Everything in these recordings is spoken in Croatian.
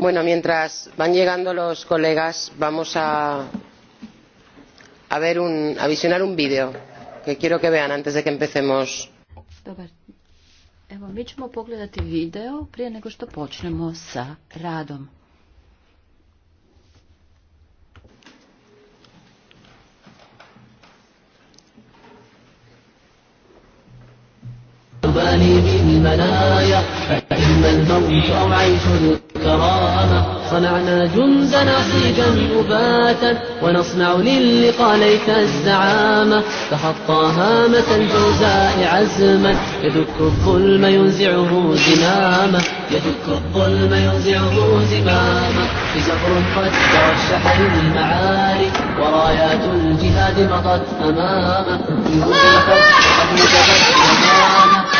Bueno, mientras van llegando los colegas vamos a, a, ver un, a visionar un vídeo que quiero que vean antes de que empecemos. Dobar. Evo, mi ćemo pogledati video prije nego što počnemo sa radom. أو عيش كرامة صنعنا جند نصيجا مباتا ونصنع للقى ليت الزعامة تخطى هامة الجوزاء عزما يدك الظلم ينزعه زماما يدك الظلم ينزعه زمامة بزبر قد ترشح للمعالي ورايات الجهاد مضت أمامه قد وجبت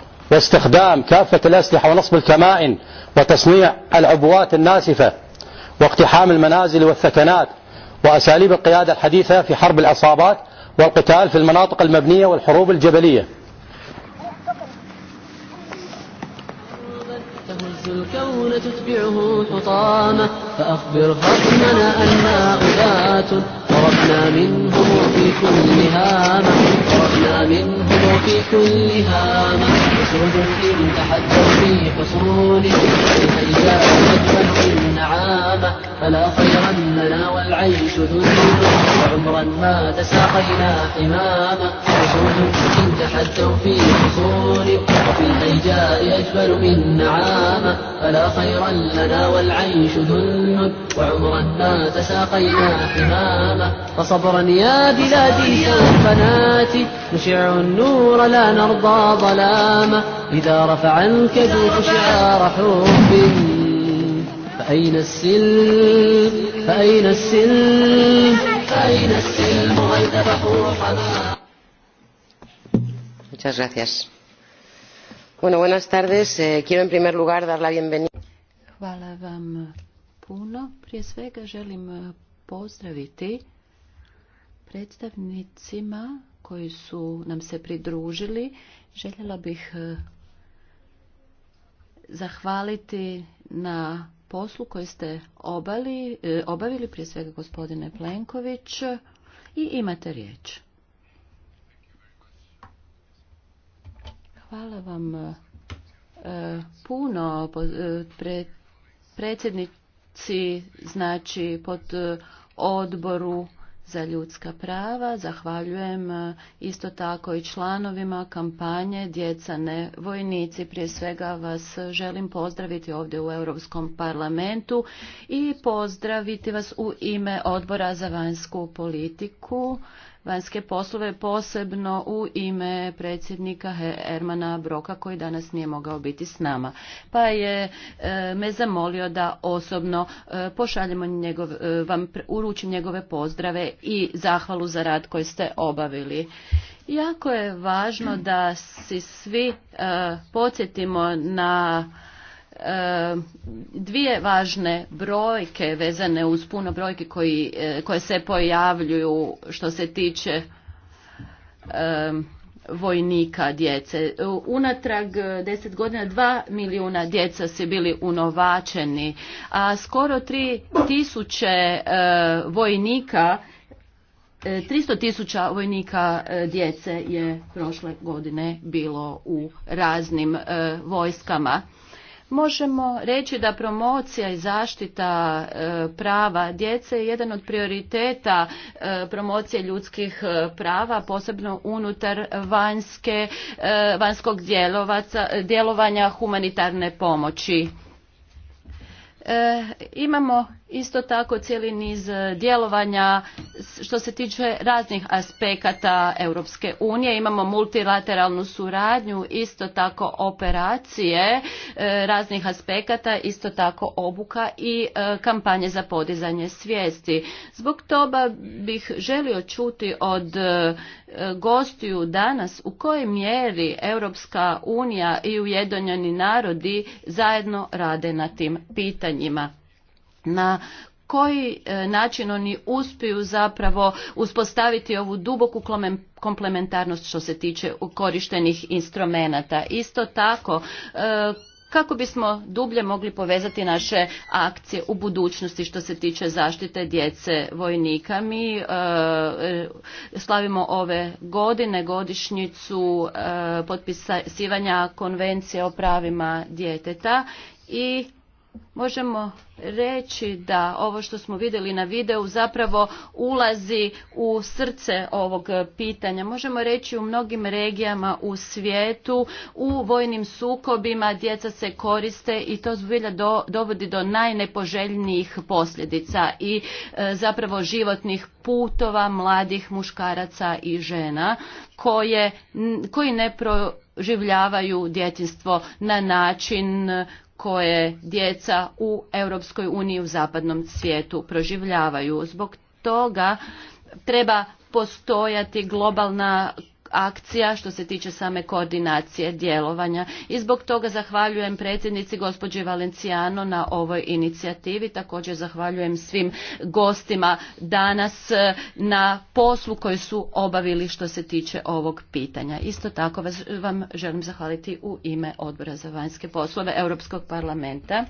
واستخدام كافة الأسلحة ونصب الكمائن وتصنيع العبوات الناسفة واقتحام المنازل والثكنات وأساليب القيادة الحديثة في حرب العصابات والقتال في المناطق المبنية والحروب الجبلية نفس الكون تتبعه الحطامة فأخبر فضلنا أننا أبات خرجنا منهم في كل هامة خرجنا منهم في كل هامة أسود إن تحجر في حصونه لكي جاءت النعامة فلا خير لنا والعيش ذنوب وعمرا ما تساقينا حمامة أسود إن تحجر في حصونه وفي الهيجاء أجمل من نعامة فلا خيرا لنا والعيش ذل وعمرا ما تساقينا حماما فصبرا يا بلادي سوف نشع النور لا نرضى ظلاما إذا رفع الكذوب شعار حب فأين السلم فأين السلم فأين السلم وإذا بحور حمام Muchas gracias. Bueno, buenas eh, Quiero en primer lugar dar Hvala vam puno. Prije svega želim eh, pozdraviti predstavnicima koji su nam se pridružili. Željela bih eh, zahvaliti na poslu koji ste obavili, prije svega gospodine Plenković, i imate riječ. Hvala vam e, e, puno e, predsjednici, znači pod odboru za ljudska prava. Zahvaljujem isto tako i članovima kampanje Djeca ne vojnici. Prije svega vas želim pozdraviti ovdje u Europskom parlamentu i pozdraviti vas u ime odbora za vanjsku politiku vanjske poslove, posebno u ime predsjednika Hermana Broka koji danas nije mogao biti s nama. Pa je e, me zamolio da osobno e, pošaljemo njegov, e, vam uručim njegove pozdrave i zahvalu za rad koji ste obavili. Jako je važno da si svi podsjetimo na E, dvije važne brojke vezane uz puno brojke koji, e, koje se pojavljuju što se tiče e, vojnika djece. Unatrag deset godina dva milijuna djeca su bili unovačeni, a skoro tri tisuće vojnika 300 tisuća vojnika djece je prošle godine bilo u raznim vojskama. Možemo reći da promocija i zaštita e, prava djece je jedan od prioriteta e, promocije ljudskih e, prava, posebno unutar vanjske, vanjskog djelovanja humanitarne pomoći. Imamo isto tako cijeli niz e, djelovanja što se tiče raznih aspekata Europske unije. Imamo multilateralnu suradnju, isto tako operacije e, raznih aspekata, isto tako obuka i e, kampanje za podizanje svijesti. Zbog toga bih želio čuti od gostiju danas u kojoj mjeri Europska unija i Ujedinjeni narodi zajedno rade na tim pitanjima na koji e, način oni uspiju zapravo uspostaviti ovu duboku komplementarnost što se tiče korištenih instrumenata. Isto tako, e, kako bismo dublje mogli povezati naše akcije u budućnosti što se tiče zaštite djece vojnika. Mi e, slavimo ove godine godišnjicu potpisivanja konvencije o pravima djeteta i možemo reći da ovo što smo vidjeli na videu zapravo ulazi u srce ovog pitanja. Možemo reći u mnogim regijama u svijetu, u vojnim sukobima djeca se koriste i to zbilja dovodi do najnepoželjnijih posljedica i e, zapravo životnih putova mladih muškaraca i žena koje, koji ne proživljavaju djetinstvo na način koje djeca u Europskoj uniji u zapadnom svijetu proživljavaju. Zbog toga treba postojati globalna akcija što se tiče same koordinacije djelovanja i zbog toga zahvaljujem predsjednici gospođi Valenciano na ovoj inicijativi. Također zahvaljujem svim gostima danas e, na poslu koji su obavili što se tiče ovog pitanja. Isto tako vam želim zahvaliti u ime Odbora za vanjske poslove Europskog parlamenta.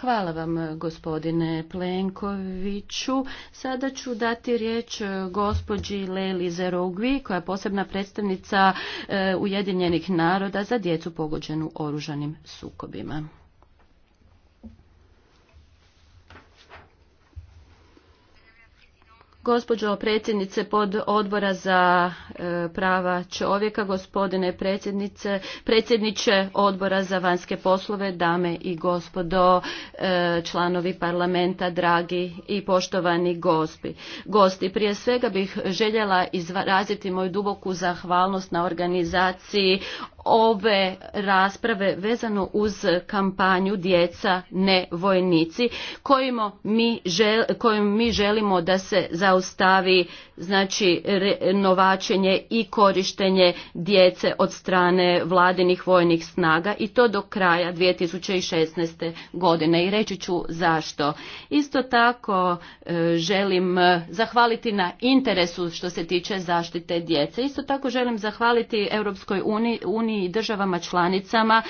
Hvala vam gospodine Plenkoviću. Sada ću dati riječ e, gospođi Leli Zerogvi koja je posebna predstavnica e, Ujedinjenih naroda za djecu pogođenu oružanim sukobima. Gospođo predsjednice pod odbora za e, prava čovjeka, gospodine predsjednice, predsjedniče odbora za vanjske poslove, dame i gospodo, e, članovi parlamenta, dragi i poštovani gospi. gosti. Prije svega bih željela izraziti moju duboku zahvalnost na organizaciji ove rasprave vezano uz kampanju djeca ne vojnici mi mi želimo da se zaustavi znači novačenje i korištenje djece od strane vladinih vojnih snaga i to do kraja 2016. godine i reći ću zašto. Isto tako e, želim e, zahvaliti na interesu što se tiče zaštite djece. Isto tako želim zahvaliti Europskoj uniji i državama članicama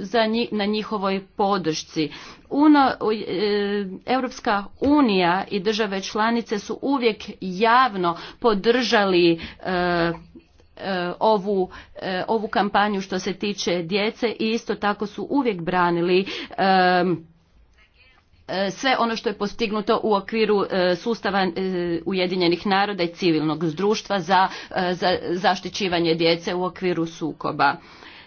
za na njihovoj podršci. Uno, e, Europska unija i države članice su uvijek javno podržali e, e, ovu, ovu kampanju što se tiče djece i isto tako su uvijek branili E, sve ono što je postignuto u okviru e, sustava e, Ujedinjenih naroda i civilnog društva za, zaštićivanje djece u okviru sukoba.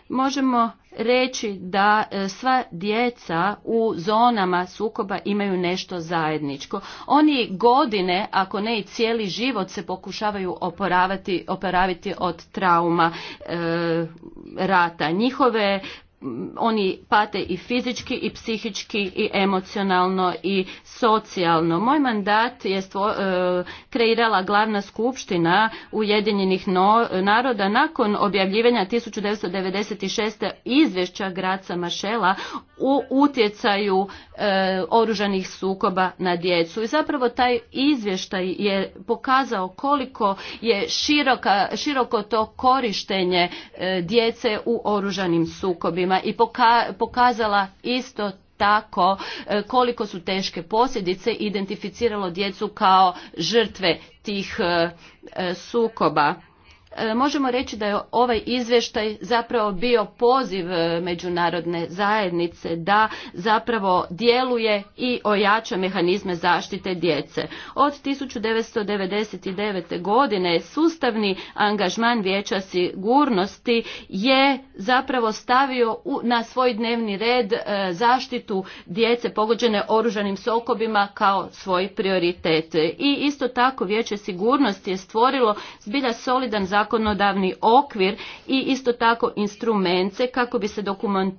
Možemo reći da sva djeca u zonama sukoba imaju nešto zajedničko. Oni godine, ako ne i cijeli život, se pokušavaju oporaviti, od trauma rata. Njihove oni pate i fizički i psihički i emocionalno i socijalno. Moj mandat je e, kreirala glavna skupština Ujedinjenih naroda nakon objavljivanja 1996. izvješća Graca Mašela u utjecaju e, oružanih sukoba na djecu. I zapravo taj izvještaj je pokazao koliko je široka, široko to korištenje e, djece u oružanim sukobima i pokazala isto tako e, koliko su teške posljedice identificiralo djecu kao žrtve tih e, e, sukoba E, možemo reći da je ovaj izvještaj zapravo bio poziv e, međunarodne zajednice da zapravo djeluje i ojača mehanizme zaštite djece. Od 1999. godine sustavni angažman vijeća sigurnosti je zapravo stavio na svoj dnevni red e, zaštitu djece pogođene oružanim sokobima kao svoj prioritet. I isto tako vijeće sigurnosti je stvorilo zbilja solidan zakon zakonodavni okvir i isto tako instrumente kako bi se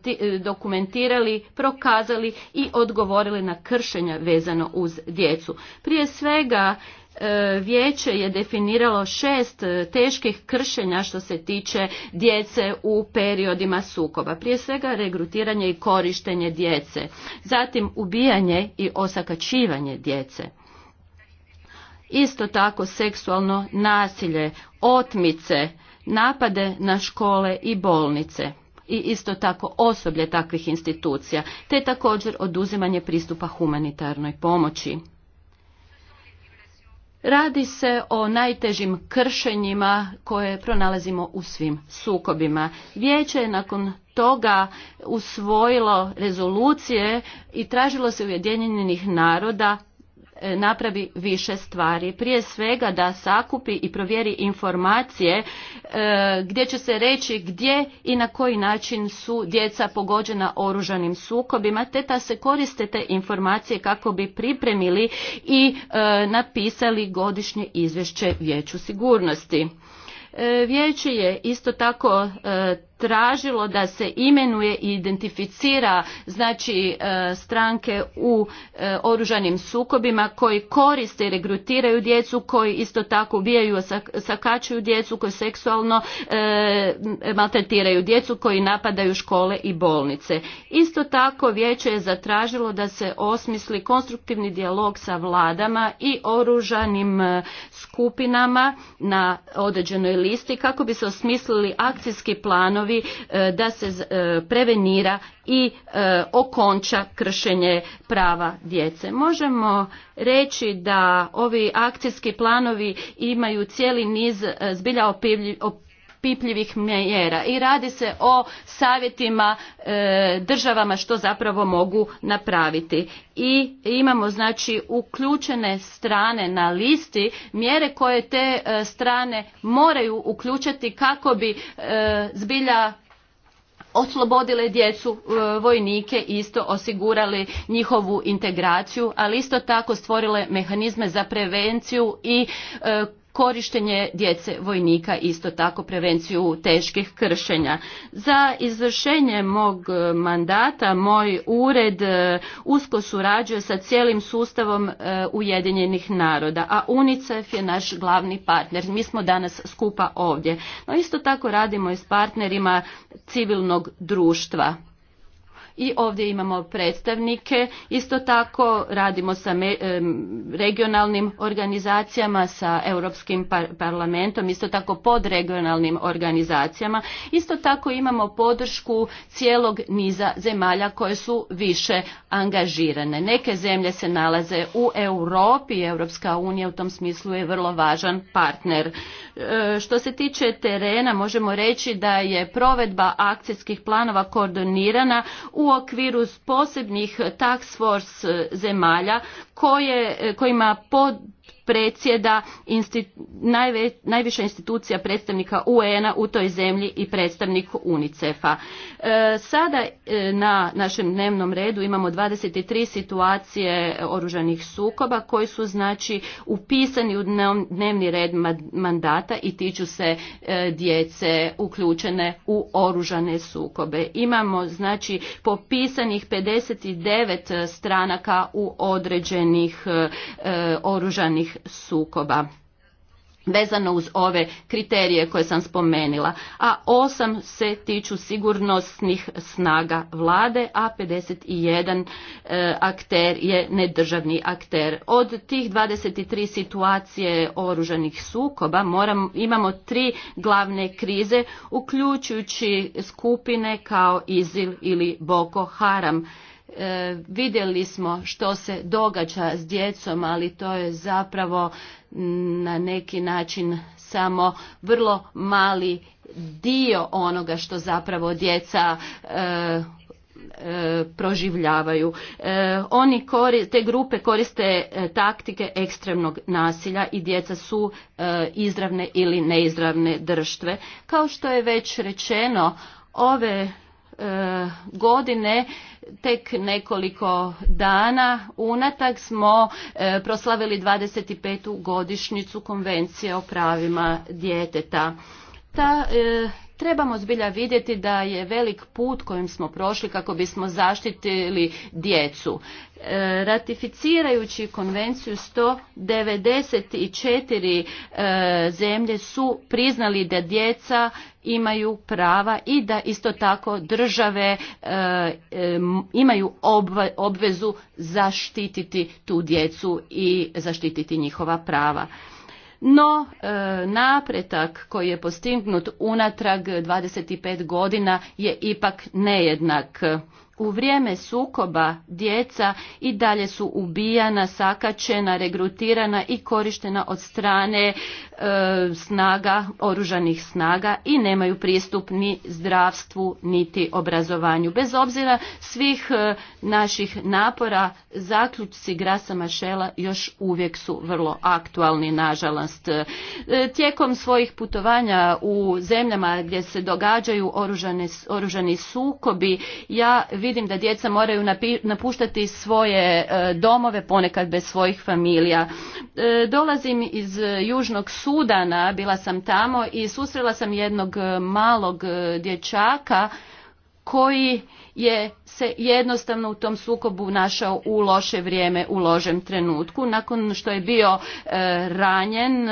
e, dokumentirali, prokazali i odgovorili na kršenja vezano uz djecu. Prije svega e, vijeće je definiralo šest e, teških kršenja što se tiče djece u periodima sukoba. Prije svega regrutiranje i korištenje djece, zatim ubijanje i osakačivanje djece isto tako seksualno nasilje, otmice, napade na škole i bolnice i isto tako osoblje takvih institucija, te također oduzimanje pristupa humanitarnoj pomoći. Radi se o najtežim kršenjima koje pronalazimo u svim sukobima. Vijeće je nakon toga usvojilo rezolucije i tražilo se Ujedinjenih naroda E, napravi više stvari. Prije svega da sakupi i provjeri informacije e, gdje će se reći gdje i na koji način su djeca pogođena oružanim sukobima, te da se koriste te informacije kako bi pripremili i e, napisali godišnje izvješće vijeću sigurnosti. Vijeće je isto tako tražilo da se imenuje i identificira znači e, stranke u e, oružanim sukobima koji koriste i regrutiraju djecu koji isto tako ubijaju sakačuju djecu koji seksualno e, maltretiraju djecu koji napadaju škole i bolnice isto tako vijeće je zatražilo da se osmisli konstruktivni dijalog sa vladama i oružanim skupinama na određenoj listi kako bi se osmislili akcijski planovi E, da se e, prevenira i e, okonča kršenje prava djece. Možemo reći da ovi akcijski planovi imaju cijeli niz zbilja opipljivih pipljivih mjera i radi se o savjetima e, državama što zapravo mogu napraviti i imamo znači uključene strane na listi mjere koje te e, strane moraju uključiti kako bi e, zbilja oslobodile djecu vojnike isto osigurali njihovu integraciju ali isto tako stvorile mehanizme za prevenciju i korištenje djece vojnika, isto tako prevenciju teških kršenja. Za izvršenje mog e, mandata moj ured e, usko surađuje sa cijelim sustavom e, Ujedinjenih naroda, a UNICEF je naš glavni partner. Mi smo danas skupa ovdje. No isto tako radimo i s partnerima civilnog društva i ovdje imamo predstavnike. Isto tako radimo sa regionalnim organizacijama, sa Europskim parlamentom, isto tako pod regionalnim organizacijama. Isto tako imamo podršku cijelog niza zemalja koje su više angažirane. Neke zemlje se nalaze u Europi Europska unija u tom smislu je vrlo važan partner. E, što se tiče terena, možemo reći da je provedba akcijskih planova koordinirana u okviru posebnih tax force e, zemalja koje, e, kojima pod predsjeda najviša institucija predstavnika UN-a u toj zemlji i predstavnik UNICEF-a. E, sada e, na našem dnevnom redu imamo 23 situacije oružanih sukoba koji su znači upisani u dnevni red mandata i tiču se e, djece uključene u oružane sukobe. Imamo znači popisanih 59 stranaka u određenih oružanih sukoba vezano uz ove kriterije koje sam spomenila, a osam se tiču sigurnosnih snaga vlade, a 51 e, akter je nedržavni akter. Od tih 23 situacije oružanih sukoba moram, imamo tri glavne krize, uključujući skupine kao Izil ili Boko Haram E, vidjeli smo što se događa s djecom, ali to je zapravo na neki način samo vrlo mali dio onoga što zapravo djeca e, e, proživljavaju. oni te grupe koriste taktike ekstremnog nasilja i djeca su izravne ili neizravne drštve. Kao što je već rečeno, ove E, godine tek nekoliko dana unatak smo e, proslavili 25. godišnjicu konvencije o pravima djeteta. Ta e, trebamo zbilja vidjeti da je velik put kojim smo prošli kako bismo zaštitili djecu. E, ratificirajući konvenciju 194 e, zemlje su priznali da djeca imaju prava i da isto tako države e, imaju obvezu zaštititi tu djecu i zaštititi njihova prava no e, napretak koji je postignut unatrag 25 godina je ipak nejednak u vrijeme sukoba djeca i dalje su ubijana, sakačena, regrutirana i korištena od strane e, snaga, oružanih snaga i nemaju pristup ni zdravstvu niti obrazovanju. Bez obzira svih e, naših napora zaključci Grasa Mašela još uvijek su vrlo aktualni nažalost. E, tijekom svojih putovanja u zemljama gdje se događaju oružani sukobi ja vidim vidim da djeca moraju napuštati svoje e, domove ponekad bez svojih familija. E, dolazim iz e, Južnog Sudana, bila sam tamo i susrela sam jednog malog dječaka koji je se jednostavno u tom sukobu našao u loše vrijeme, u ložem trenutku. Nakon što je bio ranjen,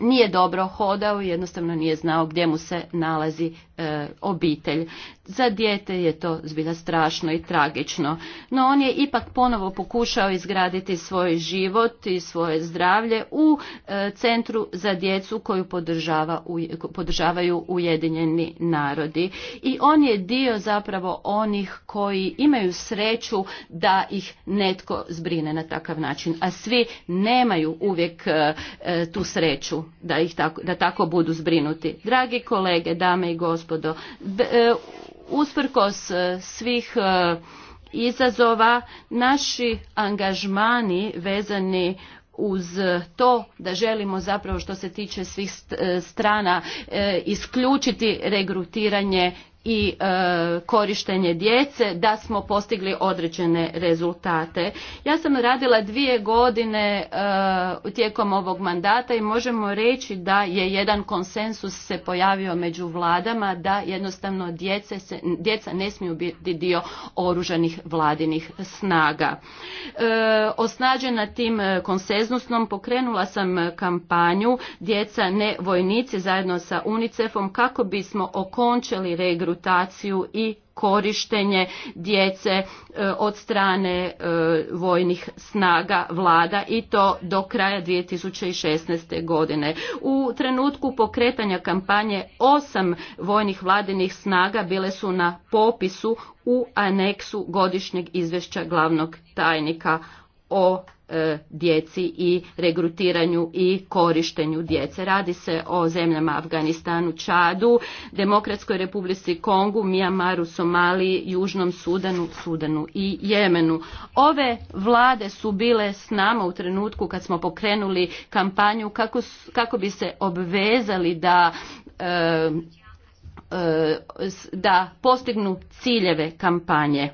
nije dobro hodao i jednostavno nije znao gdje mu se nalazi E, obitelj. Za dijete je to zbilja strašno i tragično, no on je ipak ponovo pokušao izgraditi svoj život i svoje zdravlje u e, centru za djecu koju podržava, podržavaju Ujedinjeni narodi. I on je dio zapravo onih koji imaju sreću da ih netko zbrine na takav način, a svi nemaju uvijek e, tu sreću da, ih tako, da tako budu zbrinuti. Dragi kolege, dame i gospodine, gospodo. E, usprkos e, svih e, izazova, naši angažmani vezani uz to da želimo zapravo što se tiče svih strana isključiti regrutiranje i e, korištenje djece da smo postigli određene rezultate. Ja sam radila dvije godine e, tijekom ovog mandata i možemo reći da je jedan konsensus se pojavio među vladama da jednostavno se, djeca ne smiju biti dio oružanih vladinih snaga. E, osnađena tim konsenzusom pokrenula sam kampanju Djeca ne vojnici zajedno sa UNICEF-om kako bismo okončili regru rekrutaciju i korištenje djece e, od strane e, vojnih snaga vlada i to do kraja 2016. godine. U trenutku pokretanja kampanje osam vojnih vladinih snaga bile su na popisu u aneksu godišnjeg izvješća glavnog tajnika o E, djeci i regrutiranju i korištenju djece. Radi se o zemljama Afganistanu, Čadu, Demokratskoj republici Kongu, Mijamaru, Somaliji, Južnom Sudanu, Sudanu i Jemenu. Ove vlade su bile s nama u trenutku kad smo pokrenuli kampanju kako, kako bi se obvezali da e, e, da postignu ciljeve kampanje.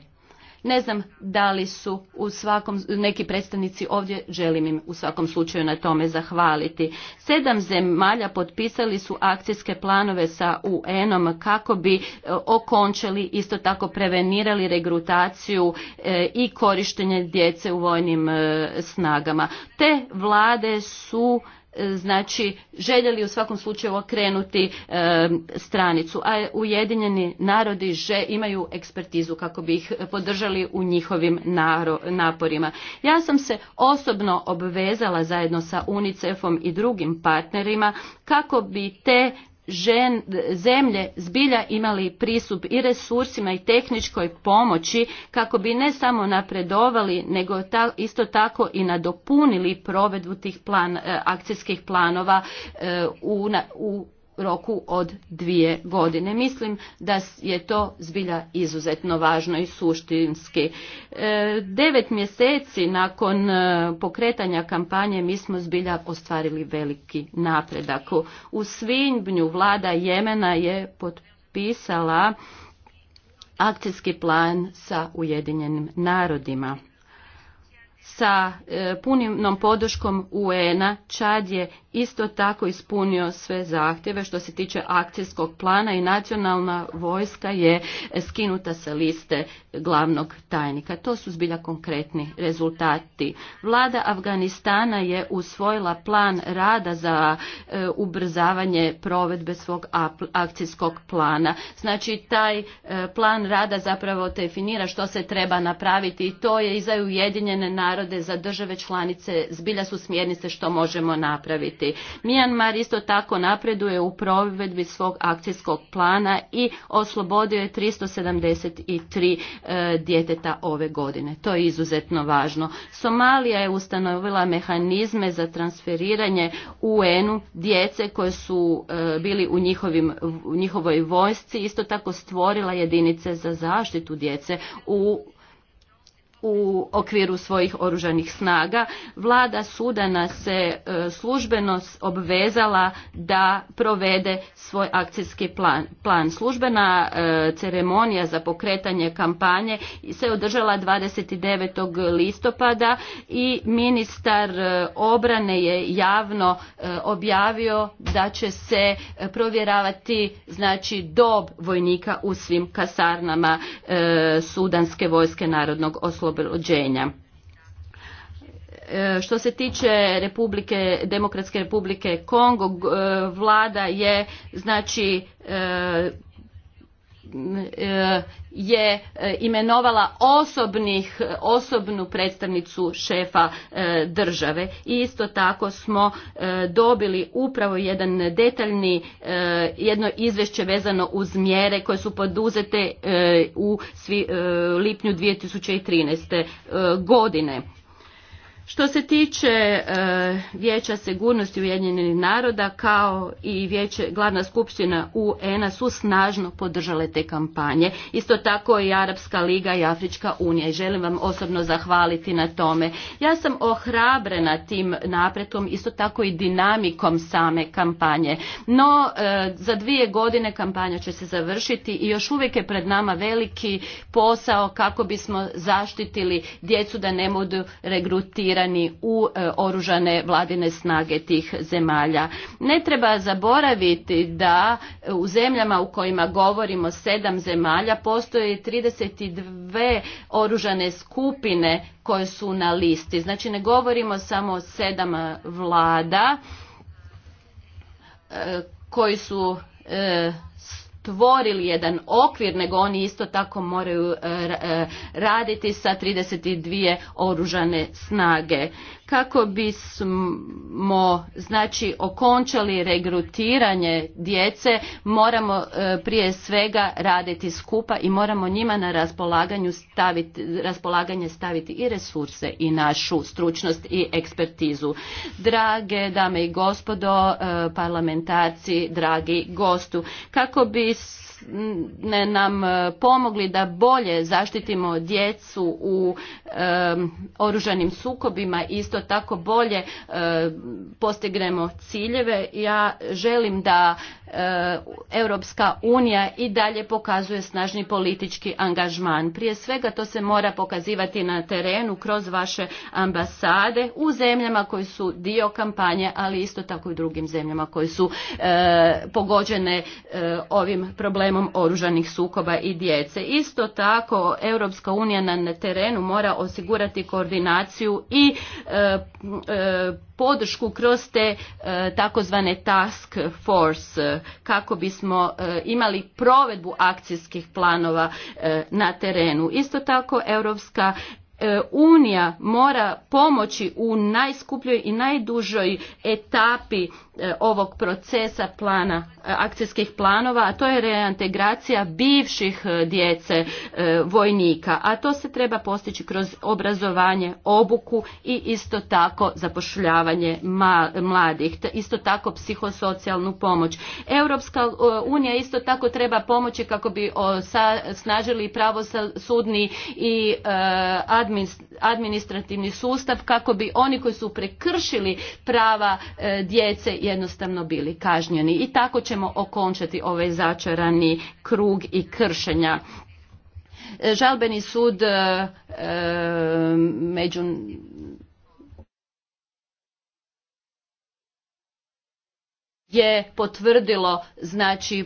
Ne znam da li su u svakom, neki predstavnici ovdje, želim im u svakom slučaju na tome zahvaliti. Sedam zemalja potpisali su akcijske planove sa UN-om kako bi e, okončili, isto tako prevenirali regrutaciju e, i korištenje djece u vojnim e, snagama. Te vlade su znači željeli u svakom slučaju okrenuti e, stranicu, a Ujedinjeni narodi že imaju ekspertizu kako bi ih podržali u njihovim naporima. Ja sam se osobno obvezala zajedno sa UNICEF-om i drugim partnerima kako bi te žen, zemlje zbilja imali pristup i resursima i tehničkoj pomoći kako bi ne samo napredovali nego isto tako i nadopunili provedbu tih plan, e, akcijskih planova e, u, u roku od dvije godine. Mislim da je to zbilja izuzetno važno i suštinski. E, devet mjeseci nakon e, pokretanja kampanje mi smo zbilja ostvarili veliki napredak. U svinbnju vlada Jemena je potpisala akcijski plan sa Ujedinjenim narodima sa e, punim podrškom UN-a Čad je isto tako ispunio sve zahtjeve što se tiče akcijskog plana i nacionalna vojska je skinuta sa liste glavnog tajnika. To su zbilja konkretni rezultati. Vlada Afganistana je usvojila plan rada za e, ubrzavanje provedbe svog akcijskog plana. Znači taj e, plan rada zapravo definira što se treba napraviti i to je i za Ujedinjene za države članice, zbilja su smjernice što možemo napraviti. Mijanmar isto tako napreduje u provedbi svog akcijskog plana i oslobodio je 373 e, djeteta ove godine. To je izuzetno važno. Somalija je ustanovila mehanizme za transferiranje UN-u djece koje su e, bili u, njihovim, u njihovoj vojsci. Isto tako stvorila jedinice za zaštitu djece u u okviru svojih oružanih snaga. Vlada Sudana se e, službeno obvezala da provede svoj akcijski plan. Službena e, ceremonija za pokretanje kampanje se održala 29. listopada i ministar e, obrane je javno objavio da će se provjeravati znači dob vojnika u svim kasarnama sudanske vojske narodnog oslobođenja oslobođenja. E, što se tiče Republike, Demokratske Republike Kongo, e, vlada je znači e, E, je e, imenovala osobnih, e, osobnu predstavnicu šefa države. I isto tako smo dobili upravo jedan detaljni, jedno izvješće vezano uz mjere koje su poduzete u svi, lipnju 2013. godine. Što se tiče e, Vijeća sigurnosti Ujedinjenih naroda kao i vijeće, glavna skupština un su snažno podržale te kampanje. Isto tako i Arapska liga i Afrička unija i želim vam osobno zahvaliti na tome. Ja sam ohrabrena tim napretkom, isto tako i dinamikom same kampanje. No e, za dvije godine kampanja će se završiti i još uvijek je pred nama veliki posao kako bismo zaštitili djecu da ne budu regrutirati u e, oružane vladine snage tih zemalja. Ne treba zaboraviti da e, u zemljama u kojima govorimo sedam zemalja postoje 32 oružane skupine koje su na listi. Znači ne govorimo samo o sedam vlada e, koji su stvorili jedan okvir, nego oni isto tako moraju eh, eh, raditi sa 32 oružane snage kako bismo znači okončali regrutiranje djece moramo e, prije svega raditi skupa i moramo njima na raspolaganju staviti, raspolaganje staviti i resurse i našu stručnost i ekspertizu. Drage dame i gospodo e, parlamentarci, dragi gostu, kako bi nam e, pomogli da bolje zaštitimo djecu u e, oružanim sukobima isto tako bolje e, postignemo ciljeve. Ja želim da e, Europska unija i dalje pokazuje snažni politički angažman. Prije svega to se mora pokazivati na terenu kroz vaše ambasade u zemljama koji su dio kampanje, ali isto tako i drugim zemljama koji su e, pogođene ovim problemom problemom oružanih sukoba i djece. Isto tako, Europska unija na terenu mora osigurati koordinaciju i e, e, podršku kroz te e, takozvane task force e, kako bismo e, imali provedbu akcijskih planova e, na terenu. Isto tako, Europska E, unija mora pomoći u najskupljoj i najdužoj etapi e, ovog procesa plana, e, akcijskih planova, a to je reintegracija bivših djece vojnika, a to se treba postići kroz obrazovanje, obuku i isto tako zapošljavanje mladih, isto tako psihosocijalnu pomoć. Europska unija isto tako treba pomoći kako bi snažili pravosudni i administrativni sustav kako bi oni koji su prekršili prava e, djece jednostavno bili kažnjeni. I tako ćemo okončati ovaj začarani krug i kršenja. E, žalbeni sud e, među je potvrdilo znači e,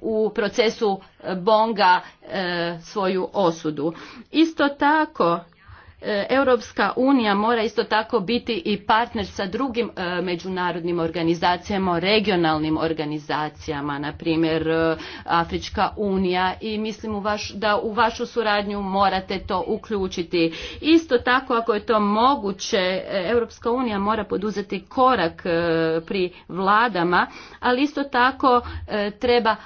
u procesu Bonga e, svoju osudu. Isto tako E, Europska unija mora isto tako biti i partner sa drugim e, međunarodnim organizacijama, regionalnim organizacijama, na primjer e, Afrička unija i mislim da u vašu suradnju morate to uključiti. Isto tako ako je to moguće, Europska unija mora poduzeti korak pri vladama, ali isto tako treba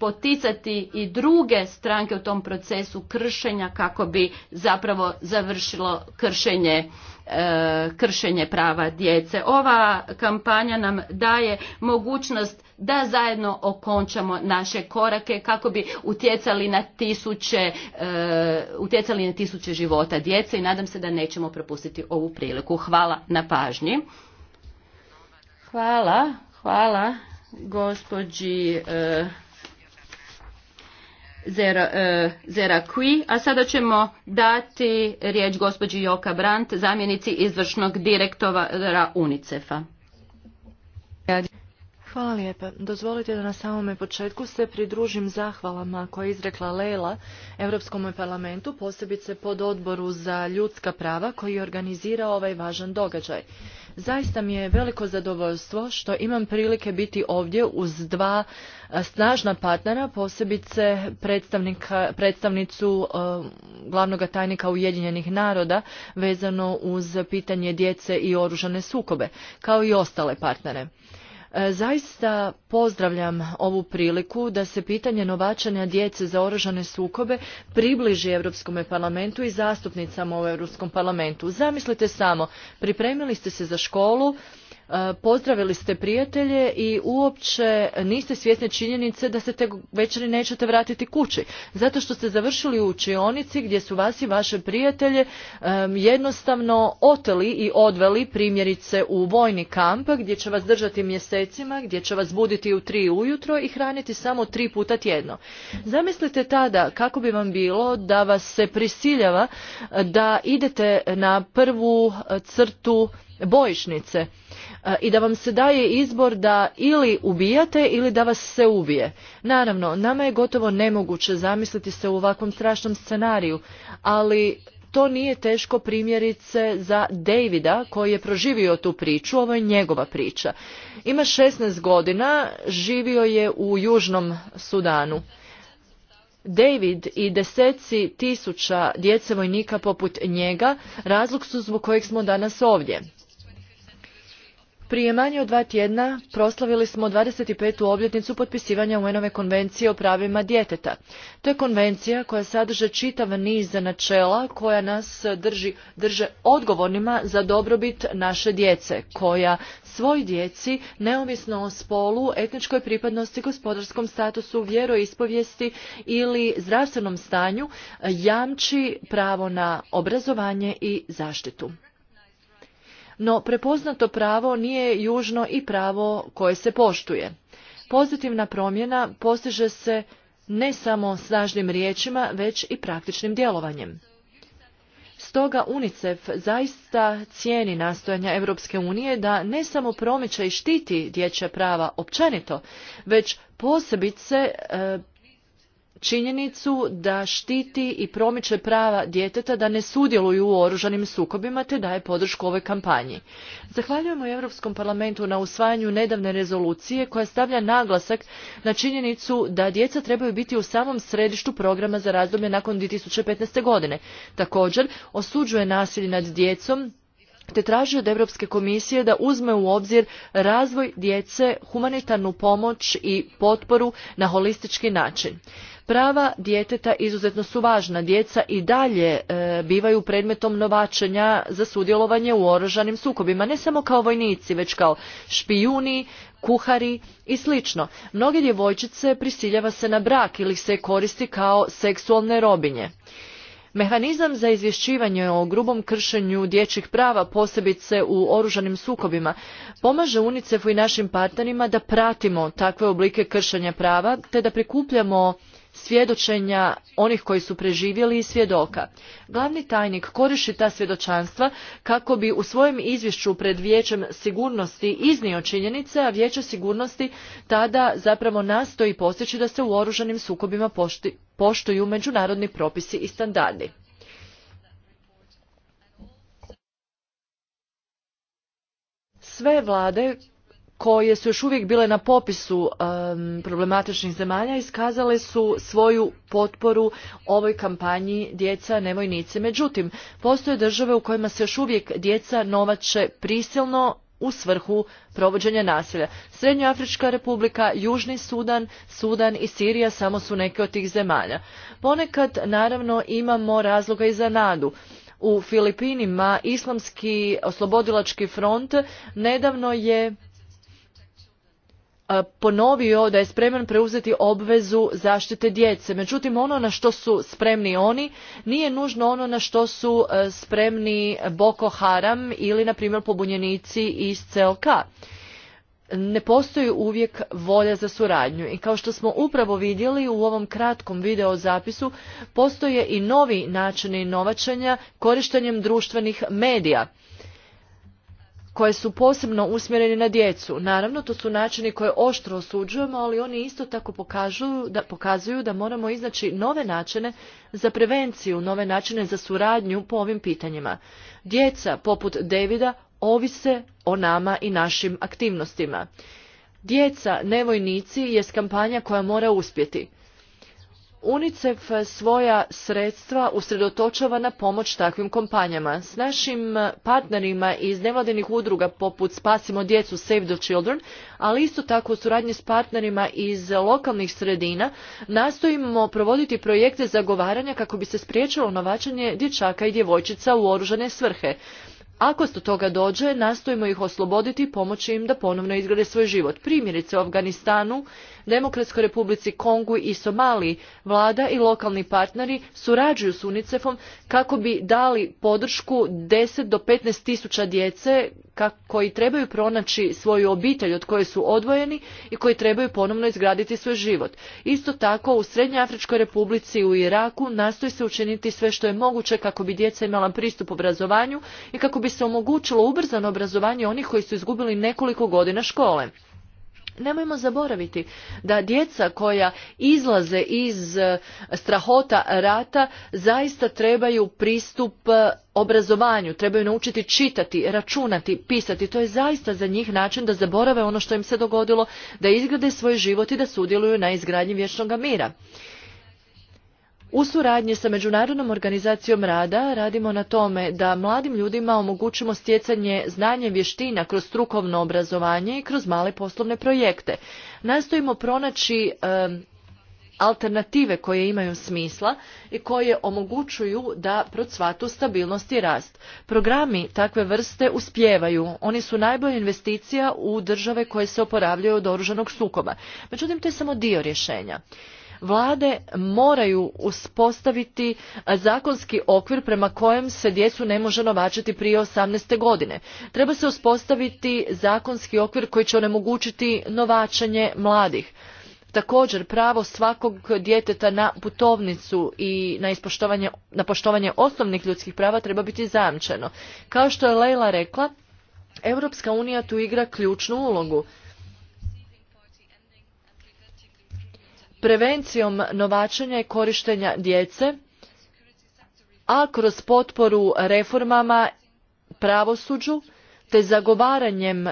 poticati i druge stranke u tom procesu kršenja kako bi za zapravo završilo kršenje e, kršenje prava djece. Ova kampanja nam daje mogućnost da zajedno okončamo naše korake kako bi utjecali na tisuće, e, utjecali na tisuće života djece i nadam se da nećemo propustiti ovu priliku. Hvala na pažnji. Hvala, hvala gospođi e, E, a sada ćemo dati riječ gospođi Joka Brandt, zamjenici izvršnog direktora UNICEF-a. Hvala lijepa. Dozvolite da na samome početku se pridružim zahvalama koje je izrekla Lela Europskom parlamentu, posebice pod odboru za ljudska prava koji je organizirao ovaj važan događaj. Zaista mi je veliko zadovoljstvo što imam prilike biti ovdje uz dva snažna partnera, posebice predstavnicu glavnoga glavnog tajnika Ujedinjenih naroda vezano uz pitanje djece i oružane sukobe, kao i ostale partnere. E, zaista pozdravljam ovu priliku da se pitanje novačanja djece za oružane sukobe približi Europskom parlamentu i zastupnicama u Europskom parlamentu. Zamislite samo, pripremili ste se za školu, E, pozdravili ste prijatelje i uopće niste svjesni činjenice da se te večeri nećete vratiti kući zato što ste završili u učionici gdje su vas i vaše prijatelje e, jednostavno oteli i odveli primjerice u vojni kamp gdje će vas držati mjesecima gdje će vas buditi u tri ujutro i hraniti samo tri puta tjedno zamislite tada kako bi vam bilo da vas se prisiljava da idete na prvu crtu bojišnice E, i da vam se daje izbor da ili ubijate ili da vas se ubije. Naravno, nama je gotovo nemoguće zamisliti se u ovakvom strašnom scenariju, ali to nije teško primjerice za Davida koji je proživio tu priču, ovo je njegova priča. Ima 16 godina, živio je u Južnom Sudanu. David i deseci tisuća djece vojnika poput njega razlog su zbog kojeg smo danas ovdje. Prije manje od dva tjedna proslavili smo 25. obljetnicu potpisivanja un konvencije o pravima djeteta. To je konvencija koja sadrže čitav niz načela koja nas drži, drže odgovornima za dobrobit naše djece, koja svoj djeci, neovisno o spolu, etničkoj pripadnosti, gospodarskom statusu, vjeroispovijesti ili zdravstvenom stanju, jamči pravo na obrazovanje i zaštitu no prepoznato pravo nije južno i pravo koje se poštuje. Pozitivna promjena postiže se ne samo snažnim riječima, već i praktičnim djelovanjem. Stoga UNICEF zaista cijeni nastojanja Europske unije da ne samo promiče i štiti dječja prava općenito, već posebice e, činjenicu da štiti i promiče prava djeteta da ne sudjeluju u oružanim sukobima te daje podršku ovoj kampanji. Zahvaljujemo Europskom parlamentu na usvajanju nedavne rezolucije koja stavlja naglasak na činjenicu da djeca trebaju biti u samom središtu programa za razdoblje nakon 2015. godine. Također, osuđuje nasilje nad djecom te traži od Europske komisije da uzme u obzir razvoj djece, humanitarnu pomoć i potporu na holistički način. Prava djeteta izuzetno su važna. Djeca i dalje e, bivaju predmetom novačenja za sudjelovanje u oružanim sukobima, ne samo kao vojnici, već kao špijuni, kuhari i slično. Mnoge djevojčice prisiljava se na brak ili se koristi kao seksualne robinje. Mehanizam za izvješćivanje o grubom kršenju dječjih prava, posebice u oružanim sukobima, pomaže UNICEF-u i našim partnerima da pratimo takve oblike kršenja prava te da prikupljamo svjedočenja onih koji su preživjeli i svjedoka. Glavni tajnik koriši ta svjedočanstva kako bi u svojem izvješću pred vijećem sigurnosti iznio činjenice, a vijeće sigurnosti tada zapravo nastoji postići da se u oružanim sukobima poštuju međunarodni propisi i standardi. Sve vlade koje su još uvijek bile na popisu problematičnih zemalja iskazale su svoju potporu ovoj kampanji djeca nevojnice. Međutim, postoje države u kojima se još uvijek djeca novače prisilno u svrhu provođenja nasilja. Srednjoafrička republika, Južni Sudan, Sudan i Sirija samo su neke od tih zemalja. Ponekad, naravno, imamo razloga i za nadu. U Filipinima Islamski oslobodilački front nedavno je ponovio da je spreman preuzeti obvezu zaštite djece. Međutim, ono na što su spremni oni nije nužno ono na što su spremni Boko Haram ili, na primjer, pobunjenici iz CLK. Ne postoji uvijek volja za suradnju i kao što smo upravo vidjeli u ovom kratkom videozapisu, postoje i novi načini novačenja korištenjem društvenih medija koje su posebno usmjereni na djecu. Naravno, to su načini koje oštro osuđujemo, ali oni isto tako da, pokazuju da moramo iznaći nove načine za prevenciju, nove načine za suradnju po ovim pitanjima. Djeca, poput Davida, ovise o nama i našim aktivnostima. Djeca, nevojnici, je kampanja koja mora uspjeti. UNICEF svoja sredstva usredotočava na pomoć takvim kompanjama. S našim partnerima iz nevladinih udruga poput Spasimo djecu, Save the Children, ali isto tako u suradnji s partnerima iz lokalnih sredina, nastojimo provoditi projekte zagovaranja kako bi se spriječilo novačanje dječaka i djevojčica u oružane svrhe. Ako do toga dođe, nastojimo ih osloboditi i pomoći im da ponovno izgrade svoj život. Primjerice u Afganistanu Demokratskoj republici Kongu i Somaliji vlada i lokalni partneri surađuju s UNICEF-om kako bi dali podršku 10 do 15 tisuća djece koji trebaju pronaći svoju obitelj od koje su odvojeni i koji trebaju ponovno izgraditi svoj život. Isto tako u Afričkoj republici i u Iraku nastoji se učiniti sve što je moguće kako bi djeca imala pristup obrazovanju i kako bi se omogućilo ubrzano obrazovanje onih koji su izgubili nekoliko godina škole. Nemojmo zaboraviti da djeca koja izlaze iz e, strahota rata zaista trebaju pristup e, obrazovanju, trebaju naučiti čitati, računati, pisati. To je zaista za njih način da zaborave ono što im se dogodilo, da izgrade svoj život i da sudjeluju na izgradnji vječnog mira. U suradnji sa Međunarodnom organizacijom rada radimo na tome da mladim ljudima omogućimo stjecanje znanja i vještina kroz strukovno obrazovanje i kroz male poslovne projekte. Nastojimo pronaći alternative koje imaju smisla i koje omogućuju da procvatu stabilnost i rast. Programi takve vrste uspijevaju. Oni su najbolja investicija u države koje se oporavljaju od oružanog sukoba. Međutim, to je samo dio rješenja. Vlade moraju uspostaviti e, zakonski okvir prema kojem se djecu ne može novačiti prije 18. godine. Treba se uspostaviti zakonski okvir koji će onemogućiti novačanje mladih. Također pravo svakog djeteta na putovnicu i na, na poštovanje osnovnih ljudskih prava treba biti zajamčeno. Kao što je Leila rekla, Europska unija tu igra ključnu ulogu. prevencijom novačenja i korištenja djece, a kroz potporu reformama pravosuđu te zagovaranjem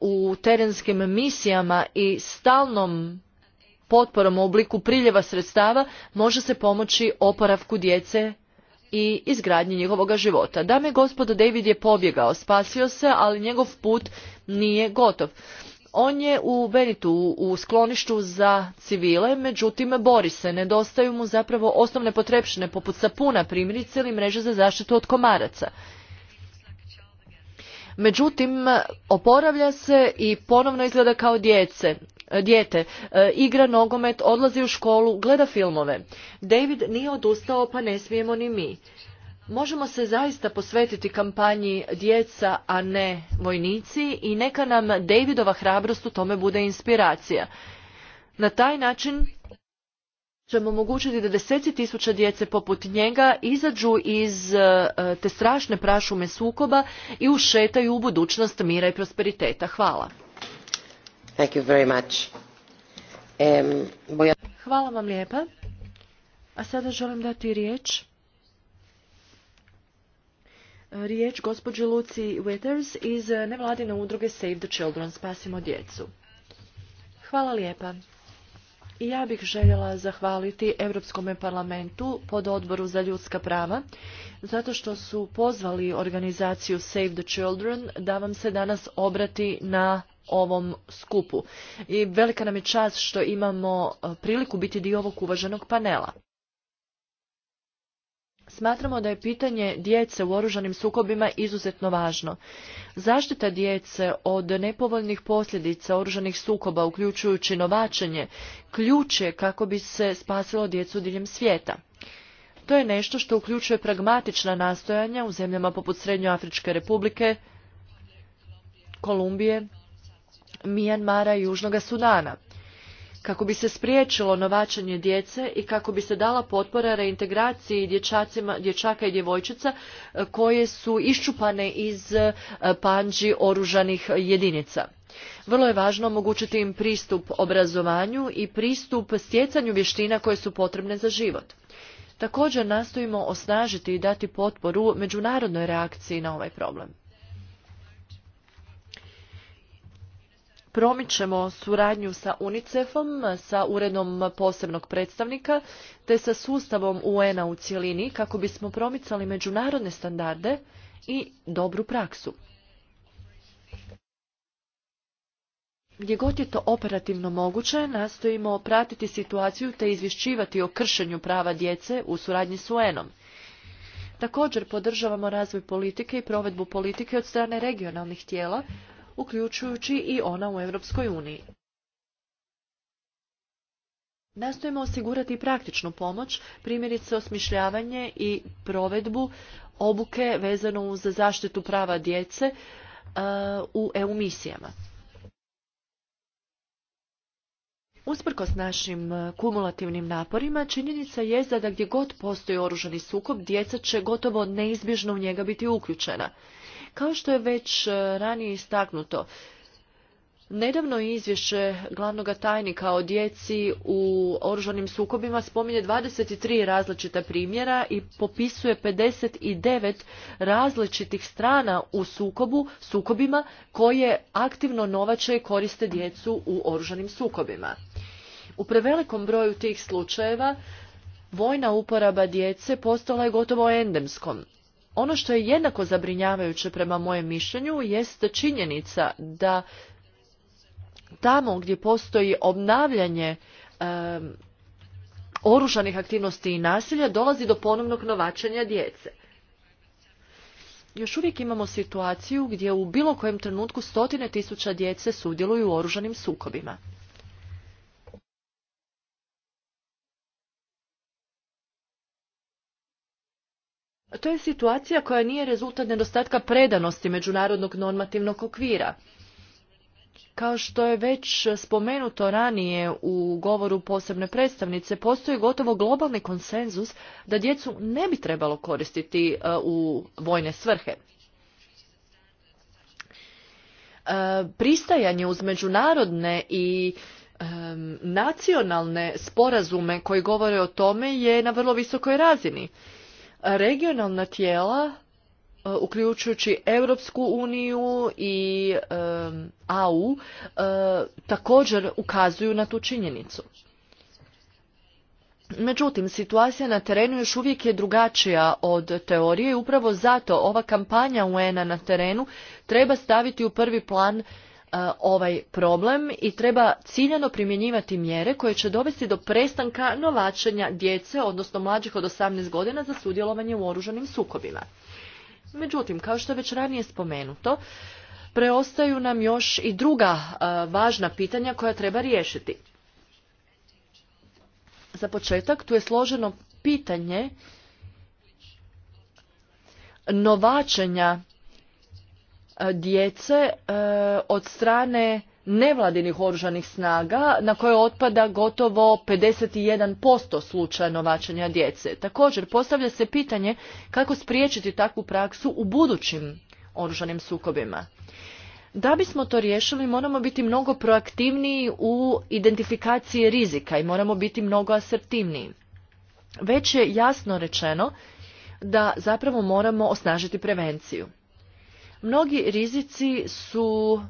u terenskim misijama i stalnom potporom u obliku priljeva sredstava može se pomoći oporavku djece i izgradnji njihovoga života. Dame i gospodo, David je pobjegao, spasio se, ali njegov put nije gotov. On je u Benitu u skloništu za civile, međutim bori se, nedostaju mu zapravo osnovne potrepšine poput sapuna primjerice ili mreže za zaštitu od komaraca. Međutim, oporavlja se i ponovno izgleda kao djece, dijete. E, igra nogomet, odlazi u školu, gleda filmove. David nije odustao, pa ne smijemo ni mi. Možemo se zaista posvetiti kampanji djeca, a ne vojnici i neka nam Davidova hrabrost u tome bude inspiracija. Na taj način ćemo omogućiti da deseci tisuća djece poput njega izađu iz e, te strašne prašume sukoba i ušetaju u budućnost mira i prosperiteta. Hvala. Hvala vam lijepa. A sada želim dati riječ riječ gospođi Luci Withers iz nevladine udruge Save the Children, Spasimo djecu. Hvala lijepa. Ja bih željela zahvaliti Europskom parlamentu pod odboru za ljudska prava, zato što su pozvali organizaciju Save the Children da vam se danas obrati na ovom skupu. I velika nam je čast što imamo priliku biti dio ovog uvaženog panela. Smatramo da je pitanje djece u oružanim sukobima izuzetno važno. Zaštita djece od nepovoljnih posljedica oružanih sukoba, uključujući novačenje, ključ je kako bi se spasilo djecu diljem svijeta. To je nešto što uključuje pragmatična nastojanja u zemljama poput Srednjoafričke republike, Kolumbije, Mijanmara i Južnog Sudana kako bi se spriječilo novačenje djece i kako bi se dala potpora reintegraciji dječacima, dječaka i djevojčica e, koje su iščupane iz e, panđi oružanih jedinica. Vrlo je važno omogućiti im pristup obrazovanju i pristup stjecanju vještina koje su potrebne za život. Također nastojimo osnažiti i dati potporu međunarodnoj reakciji na ovaj problem. promičemo suradnju sa UNICEF-om, sa uredom posebnog predstavnika, te sa sustavom UN-a u cijelini, kako bismo promicali međunarodne standarde i dobru praksu. Gdje god je to operativno moguće, nastojimo pratiti situaciju te izvješćivati o kršenju prava djece u suradnji s UN-om. Također podržavamo razvoj politike i provedbu politike od strane regionalnih tijela, uključujući i ona u Europskoj uniji. Nastojimo osigurati praktičnu pomoć, primjerice osmišljavanje i provedbu obuke vezano uz zaštitu prava djece e, u EU misijama. Usprkos našim e, kumulativnim naporima, činjenica je da gdje god postoji oružani sukob, djeca će gotovo neizbježno u njega biti uključena. Kao što je već e, ranije istaknuto, Nedavno izvješće glavnog tajnika o djeci u oružanim sukobima spominje 23 različita primjera i popisuje 59 različitih strana u sukobu, sukobima koje aktivno novače koriste djecu u oružanim sukobima. U prevelikom broju tih slučajeva vojna uporaba djece postala je gotovo endemskom ono što je jednako zabrinjavajuće prema mojem mišljenju jest činjenica da tamo gdje postoji obnavljanje oružanih aktivnosti i nasilja dolazi do ponovnog novačenja djece. Još uvijek imamo situaciju gdje u bilo kojem trenutku stotine tisuća djece sudjeluju u oružanim sukobima. To je situacija koja nije rezultat nedostatka predanosti međunarodnog normativnog okvira. Kao što je već spomenuto ranije u govoru posebne predstavnice, postoji gotovo globalni konsenzus da djecu ne bi trebalo koristiti e, u vojne svrhe. E, pristajanje uz međunarodne i e, nacionalne sporazume koji govore o tome je na vrlo visokoj razini regionalna tijela e, uključujući Europsku uniju i e, AU e, također ukazuju na tu činjenicu. Međutim, situacija na terenu još uvijek je drugačija od teorije i upravo zato ova kampanja un na terenu treba staviti u prvi plan E, ovaj problem i treba ciljano primjenjivati mjere koje će dovesti do prestanka novačenja djece, odnosno mlađih od 18 godina za sudjelovanje u oružanim sukobima. Međutim, kao što je već ranije spomenuto, preostaju nam još i druga e, važna pitanja koja treba riješiti. Za početak, tu je složeno pitanje novačenja djece e, od strane nevladinih oružanih snaga na koje otpada gotovo 51% slučaja novačenja djece. Također postavlja se pitanje kako spriječiti takvu praksu u budućim oružanim sukobima. Da bismo to riješili moramo biti mnogo proaktivniji u identifikaciji rizika i moramo biti mnogo asertivniji. Već je jasno rečeno da zapravo moramo osnažiti prevenciju. Mnogi rizici su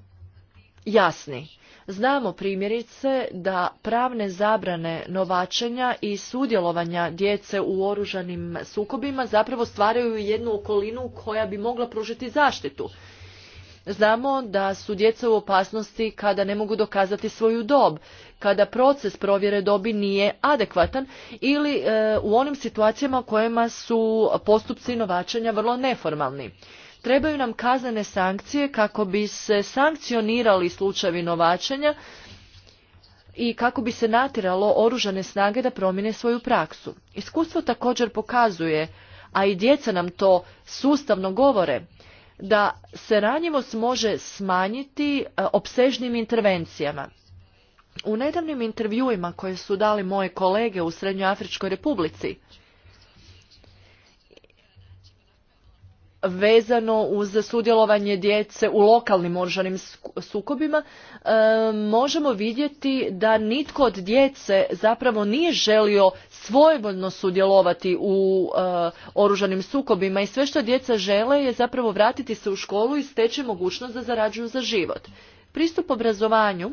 jasni. Znamo primjerice da pravne zabrane novačenja i sudjelovanja djece u oružanim sukobima zapravo stvaraju jednu okolinu koja bi mogla pružiti zaštitu. Znamo da su djeca u opasnosti kada ne mogu dokazati svoju dob, kada proces provjere dobi nije adekvatan ili e, u onim situacijama u kojima su postupci novačenja vrlo neformalni. Trebaju nam kaznene sankcije kako bi se sankcionirali slučajevi novačenja i kako bi se natiralo oružane snage da promjene svoju praksu. Iskustvo također pokazuje, a i djeca nam to sustavno govore, da se ranjivost može smanjiti e, opsežnim intervencijama. U nedavnim intervjuima koje su dali moje kolege u Srednjoafričkoj republici, vezano uz sudjelovanje djece u lokalnim oružanim sukobima e, možemo vidjeti da nitko od djece zapravo nije želio svojevoljno sudjelovati u e, oružanim sukobima i sve što djeca žele je zapravo vratiti se u školu i steći mogućnost da zarađuju za život pristup obrazovanju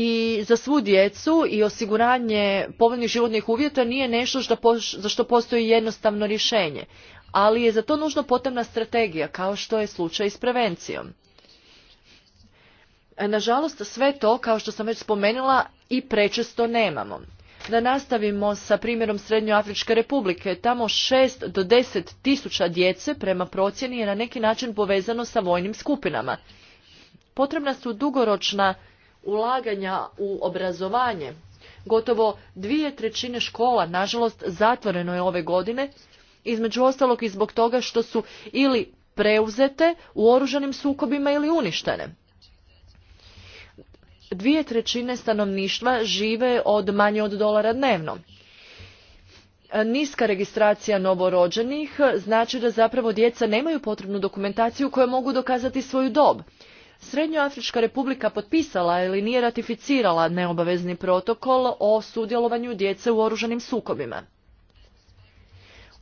i za svu djecu i osiguranje povoljnih životnih uvjeta nije nešto za što postoji jednostavno rješenje, ali je za to nužno potrebna strategija, kao što je slučaj s prevencijom. E, nažalost, sve to, kao što sam već spomenula, i prečesto nemamo. Da nastavimo sa primjerom Srednjoafričke republike, tamo 6 do 10 tisuća djece prema procjeni je na neki način povezano sa vojnim skupinama. Potrebna su dugoročna ulaganja u obrazovanje. Gotovo dvije trećine škola, nažalost, zatvoreno je ove godine, između ostalog i zbog toga što su ili preuzete u oružanim sukobima ili uništene. Dvije trećine stanovništva žive od manje od dolara dnevno. Niska registracija novorođenih znači da zapravo djeca nemaju potrebnu dokumentaciju koja mogu dokazati svoju dob Srednjoafrička republika potpisala ili nije ratificirala neobavezni protokol o sudjelovanju djece u oružanim sukobima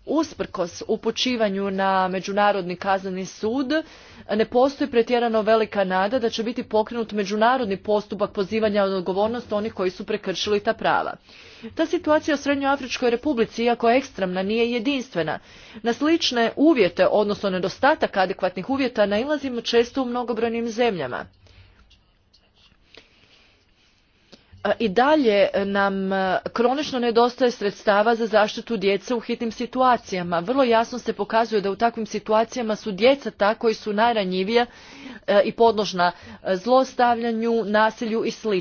usprkos upućivanju na Međunarodni kazneni sud ne postoji pretjerano velika nada da će biti pokrenut međunarodni postupak pozivanja od odgovornost onih koji su prekršili ta prava. Ta situacija u Srednjoafričkoj republici, iako je ekstremna, nije jedinstvena. Na slične uvjete, odnosno nedostatak adekvatnih uvjeta, nailazimo često u mnogobrojnim zemljama. i dalje nam e, kronično nedostaje sredstava za zaštitu djece u hitnim situacijama. Vrlo jasno se pokazuje da u takvim situacijama su djeca ta koji su najranjivija e, i podložna e, zlostavljanju, nasilju i sl.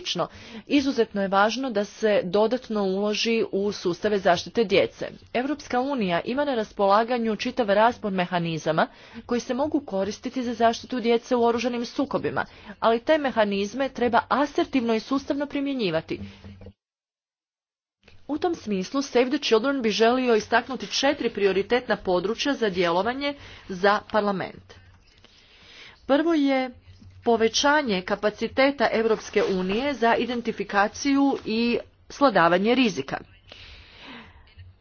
Izuzetno je važno da se dodatno uloži u sustave zaštite djece. Europska unija ima na raspolaganju čitav raspon mehanizama koji se mogu koristiti za zaštitu djece u oružanim sukobima, ali te mehanizme treba asertivno i sustavno primjenjivati u tom smislu Save the Children bi želio istaknuti četiri prioritetna područja za djelovanje za parlament. Prvo je povećanje kapaciteta Europske unije za identifikaciju i sladavanje rizika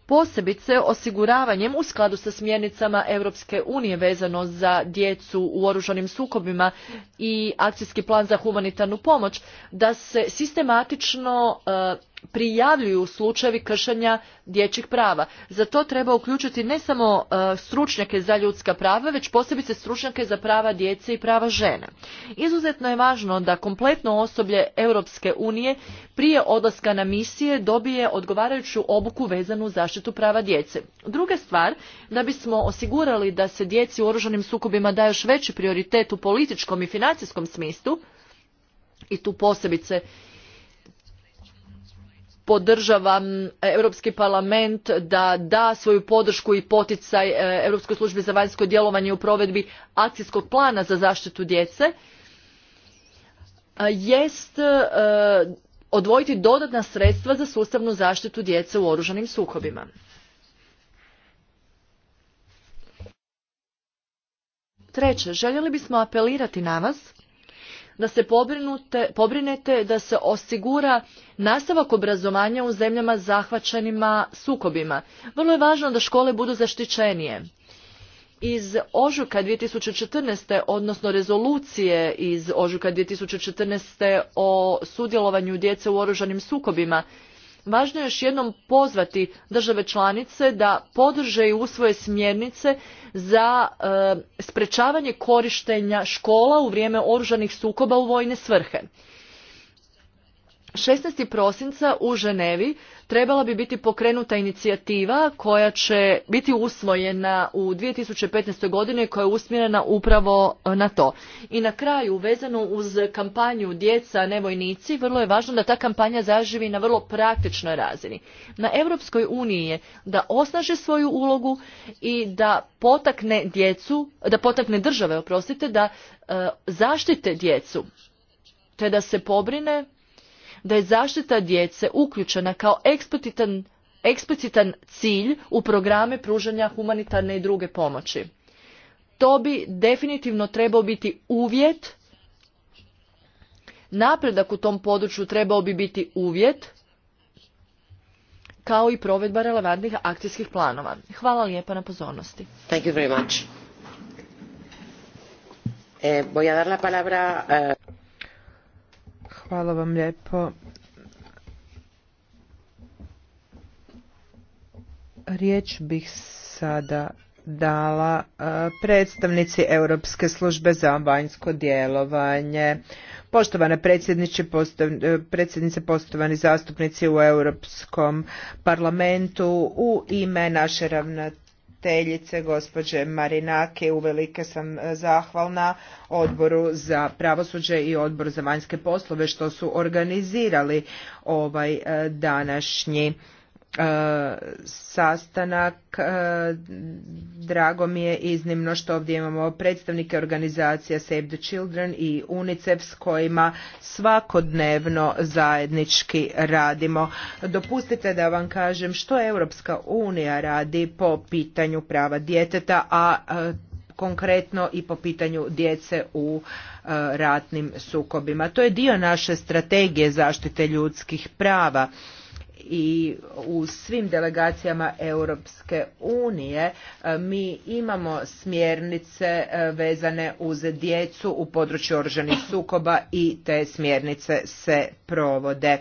posebice osiguravanjem u skladu sa smjernicama Europske unije vezano za djecu u oružanim sukobima i akcijski plan za humanitarnu pomoć, da se sistematično e, prijavljuju slučajevi kršenja dječjih prava. Za to treba uključiti ne samo e, stručnjake za ljudska prava, već posebice stručnjake za prava djece i prava žena. Izuzetno je važno da kompletno osoblje Europske unije prije odlaska na misije dobije odgovarajuću obuku vezanu zaštitu prava djece. Druga stvar, da bismo osigurali da se djeci u oružanim sukobima da još veći prioritet u političkom i financijskom smislu, i tu posebice podržavam Europski parlament da da svoju podršku i poticaj e, Europskoj službi za vanjsko djelovanje u provedbi akcijskog plana za zaštitu djece e, jest e, odvojiti dodatna sredstva za sustavnu zaštitu djece u oružanim sukobima. Treće, željeli bismo apelirati na vas da se pobrinete da se osigura nastavak obrazovanja u zemljama zahvaćenima sukobima. Vrlo je važno da škole budu zaštićenije. Iz ožuka 2014. odnosno rezolucije iz ožuka 2014. o sudjelovanju djece u oružanim sukobima Važno je još jednom pozvati države članice da podrže i usvoje smjernice za e, sprečavanje korištenja škola u vrijeme oružanih sukoba u vojne svrhe. 16. prosinca u Ženevi trebala bi biti pokrenuta inicijativa koja će biti usvojena u 2015. godine koja je usmjerena upravo na to. I na kraju, vezano uz kampanju Djeca vojnici, vrlo je važno da ta kampanja zaživi na vrlo praktičnoj razini. Na Europskoj uniji je da osnaže svoju ulogu i da potakne djecu, da potakne države, oprostite, da e, zaštite djecu te da se pobrine da je zaštita djece uključena kao eksplicitan, cilj u programe pružanja humanitarne i druge pomoći. To bi definitivno trebao biti uvjet, napredak u tom području trebao bi biti uvjet, kao i provedba relevantnih akcijskih planova. Hvala lijepa na pozornosti. Hvala vam lijepo. Riječ bih sada dala e, predstavnici Europske službe za vanjsko djelovanje. Poštovana predsjednice, e, predsjednice, poštovani zastupnici u Europskom parlamentu, u ime naše ravnatelje izvjestiteljice gospođe Marinake. Uvelike sam e, zahvalna odboru za pravosuđe i odboru za vanjske poslove što su organizirali ovaj e, današnji E, sastanak. E, drago mi je iznimno što ovdje imamo predstavnike organizacija Save the Children i UNICEF s kojima svakodnevno zajednički radimo. Dopustite da vam kažem što Europska unija radi po pitanju prava djeteta, a e, konkretno i po pitanju djece u ratnim sukobima. To je dio naše strategije zaštite ljudskih prava i u svim delegacijama Europske unije e, mi imamo smjernice e, vezane uz djecu u području oružanih sukoba i te smjernice se provode. E,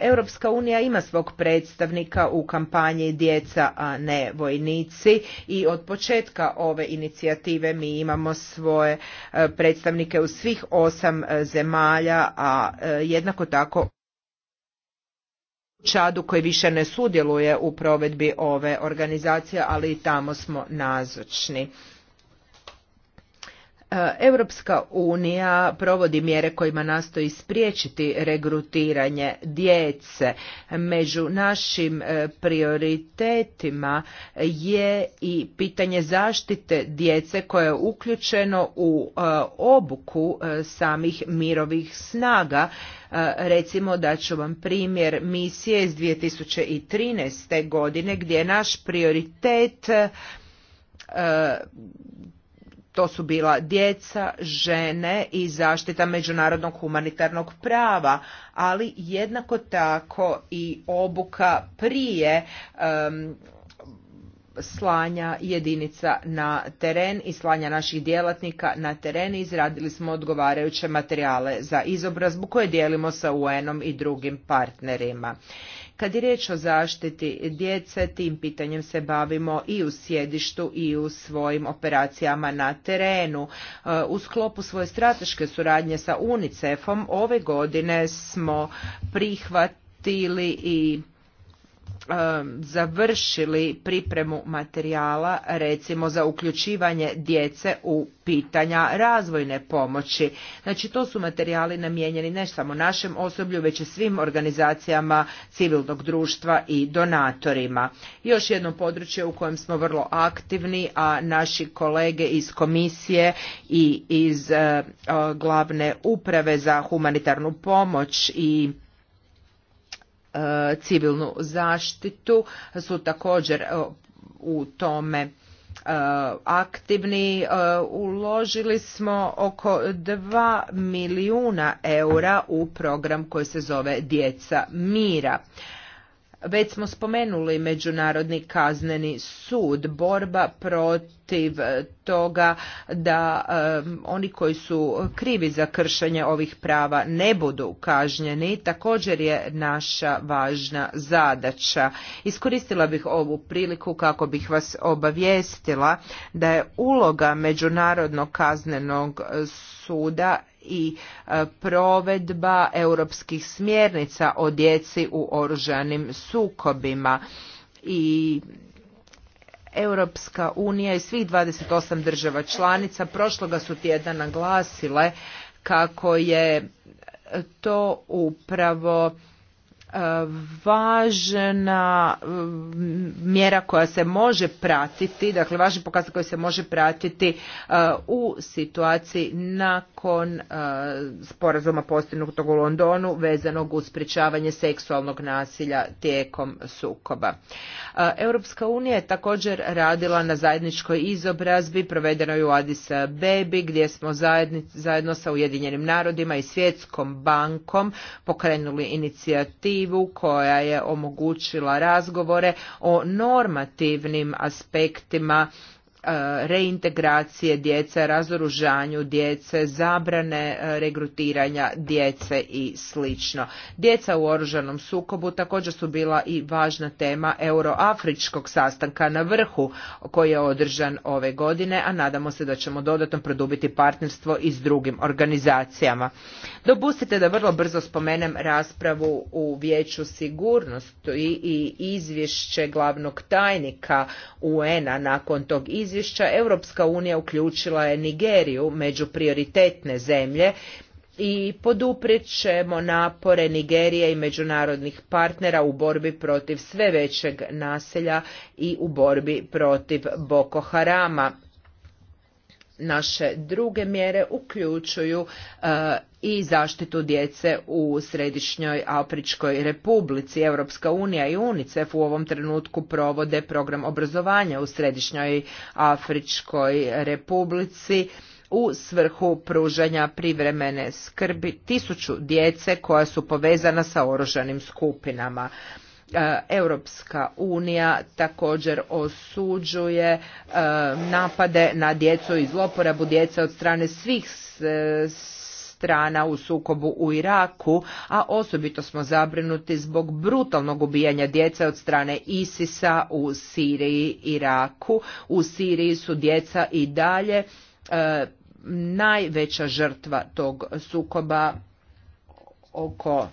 Europska unija ima svog predstavnika u kampanji djeca, a ne vojnici i od početka ove inicijative mi imamo svoje predstavnike u svih osam zemalja, a jednako tako Čadu koji više ne sudjeluje u provedbi ove organizacije, ali i tamo smo nazočni. E, Europska unija provodi mjere kojima nastoji spriječiti regrutiranje djece. Među našim e, prioritetima je i pitanje zaštite djece koje je uključeno u e, obuku samih mirovih snaga E, recimo da ću vam primjer misije iz 2013. godine gdje je naš prioritet e, to su bila djeca, žene i zaštita međunarodnog humanitarnog prava, ali jednako tako i obuka prije slanja jedinica na teren i slanja naših djelatnika na teren i izradili smo odgovarajuće materijale za izobrazbu koje dijelimo sa UN-om i drugim partnerima. Kad je riječ o zaštiti djece, tim pitanjem se bavimo i u sjedištu i u svojim operacijama na terenu. E, u sklopu svoje strateške suradnje sa UNICEF-om ove godine smo prihvatili i E, završili pripremu materijala recimo za uključivanje djece u pitanja razvojne pomoći. Znači to su materijali namijenjeni ne samo našem osoblju već i svim organizacijama civilnog društva i donatorima. Još jedno područje u kojem smo vrlo aktivni, a naši kolege iz komisije i iz e, glavne uprave za humanitarnu pomoć i civilnu zaštitu su također e, u tome e, aktivni. E, uložili smo oko 2 milijuna eura u program koji se zove Djeca mira. Već smo spomenuli Međunarodni kazneni sud, borba protiv e, toga da e, oni koji su krivi za kršenje ovih prava ne budu kažnjeni, također je naša važna zadaća. Iskoristila bih ovu priliku kako bih vas obavijestila da je uloga Međunarodnog kaznenog suda i e, provedba europskih smjernica o djeci u oružanim sukobima i Europska unija i svih 28 država članica prošloga su tjedna naglasile kako je to upravo e, važna mjera koja se može pratiti, dakle važan pokazatelj koji se može pratiti e, u situaciji na nakon e, sporazuma postignutog u Londonu vezanog uz sprječavanje seksualnog nasilja tijekom sukoba. E, Europska unija je također radila na zajedničkoj izobrazbi provedenoj u Addis Bebi gdje smo zajedno sa Ujedinjenim narodima i Svjetskom bankom pokrenuli inicijativu koja je omogućila razgovore o normativnim aspektima E, reintegracije djece, razoružanju djece, zabrane e, regrutiranja djece i sl. Djeca u oružanom sukobu također su bila i važna tema euroafričkog sastanka na vrhu koji je održan ove godine, a nadamo se da ćemo dodatno produbiti partnerstvo i s drugim organizacijama. Dopustite da vrlo brzo spomenem raspravu u Vijeću sigurnosti i izvješće glavnog tajnika UN-a nakon tog izvješća izvješća Europska unija uključila je Nigeriju među prioritetne zemlje i poduprijet ćemo napore Nigerije i međunarodnih partnera u borbi protiv sve većeg naselja i u borbi protiv Boko Harama naše druge mjere uključuju e, i zaštitu djece u Središnjoj Afričkoj Republici. Europska unija i UNICEF u ovom trenutku provode program obrazovanja u Središnjoj Afričkoj Republici u svrhu pružanja privremene skrbi tisuću djece koja su povezana sa oružanim skupinama. E, Europska unija također osuđuje e, napade na djecu i zloporabu djece od strane svih strana u sukobu u Iraku, a osobito smo zabrinuti zbog brutalnog ubijanja djece od strane ISISA u Siriji i Iraku. U Siriji su djeca i dalje e, najveća žrtva tog sukoba oko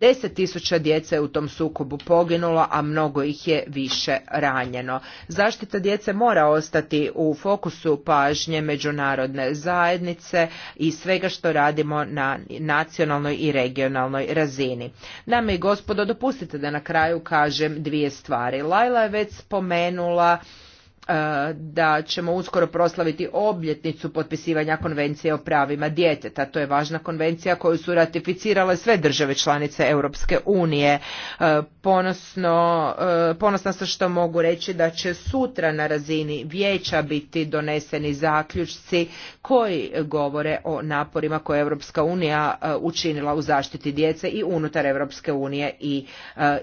Deset tisuća djece je u tom sukobu poginulo, a mnogo ih je više ranjeno. Zaštita djece mora ostati u fokusu pažnje međunarodne zajednice i svega što radimo na nacionalnoj i regionalnoj razini. Dame i gospodo, dopustite da na kraju kažem dvije stvari. Laila je već spomenula E, da ćemo uskoro proslaviti obljetnicu potpisivanja konvencije o pravima djeteta. To je važna konvencija koju su ratificirale sve države članice Europske unije. E, ponosno, e, ponosna sam što mogu reći da će sutra na razini vijeća biti doneseni zaključci koji govore o naporima koje Europska unija učinila u zaštiti djece i unutar Europske unije i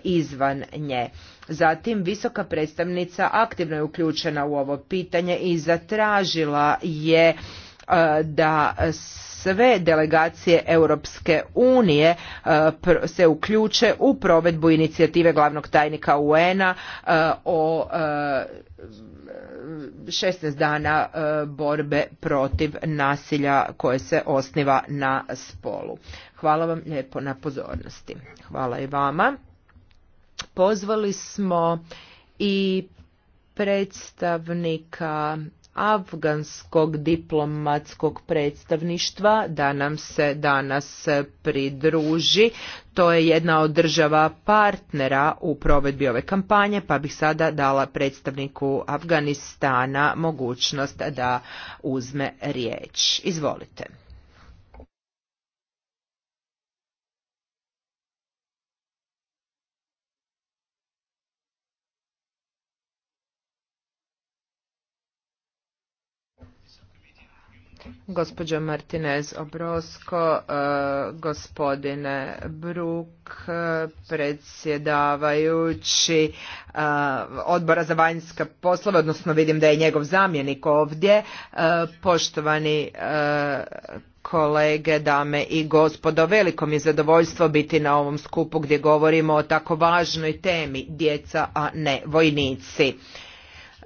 izvan nje. Zatim, visoka predstavnica aktivno je uključena u ovo pitanje i zatražila je e, da sve delegacije Europske unije e, se uključe u provedbu inicijative glavnog tajnika UN-a e, o 16 dana borbe protiv nasilja koje se osniva na spolu. Hvala vam lijepo na pozornosti. Hvala i vama. Pozvali smo i predstavnika afganskog diplomatskog predstavništva da nam se danas pridruži. To je jedna od država partnera u provedbi ove kampanje, pa bih sada dala predstavniku Afganistana mogućnost da uzme riječ. Izvolite. gospođo Martinez Obrosko, e, gospodine Bruk, predsjedavajući e, odbora za vanjske poslove, odnosno vidim da je njegov zamjenik ovdje, e, poštovani kolege, dame i gospodo, veliko mi je zadovoljstvo biti na ovom skupu gdje govorimo o tako važnoj temi djeca, a ne vojnici.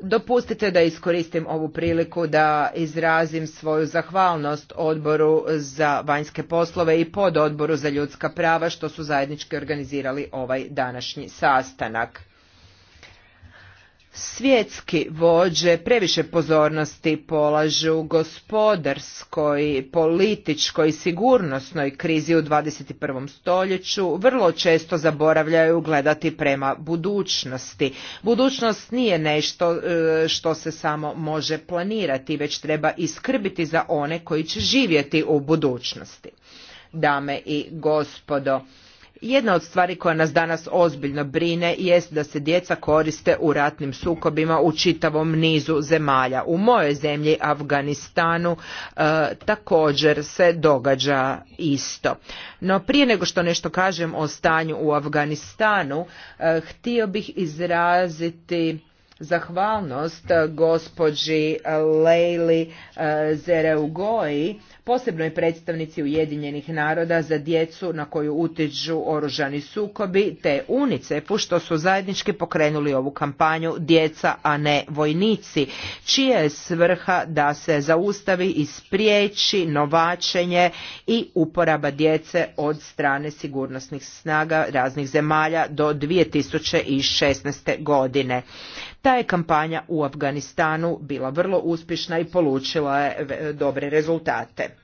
Dopustite da iskoristim ovu priliku da izrazim svoju zahvalnost odboru za vanjske poslove i pododboru za ljudska prava što su zajednički organizirali ovaj današnji sastanak svjetski vođe previše pozornosti polažu gospodarskoj, političkoj, sigurnosnoj krizi u 21. stoljeću, vrlo često zaboravljaju gledati prema budućnosti. Budućnost nije nešto e, što se samo može planirati, već treba iskrbiti za one koji će živjeti u budućnosti. Dame i gospodo, jedna od stvari koja nas danas ozbiljno brine jest da se djeca koriste u ratnim sukobima u čitavom nizu zemalja. U mojoj zemlji Afganistanu e, također se događa isto. No prije nego što nešto kažem o stanju u Afganistanu, e, htio bih izraziti zahvalnost gospođi Lejli e, Zereugoji posebnoj predstavnici Ujedinjenih naroda za djecu na koju utiču oružani sukobi te UNICEF-u što su zajednički pokrenuli ovu kampanju Djeca, a ne vojnici, čija je svrha da se zaustavi i spriječi novačenje i uporaba djece od strane sigurnosnih snaga raznih zemalja do 2016. godine. Ta je kampanja u Afganistanu bila vrlo uspješna i polučila je dobre rezultate.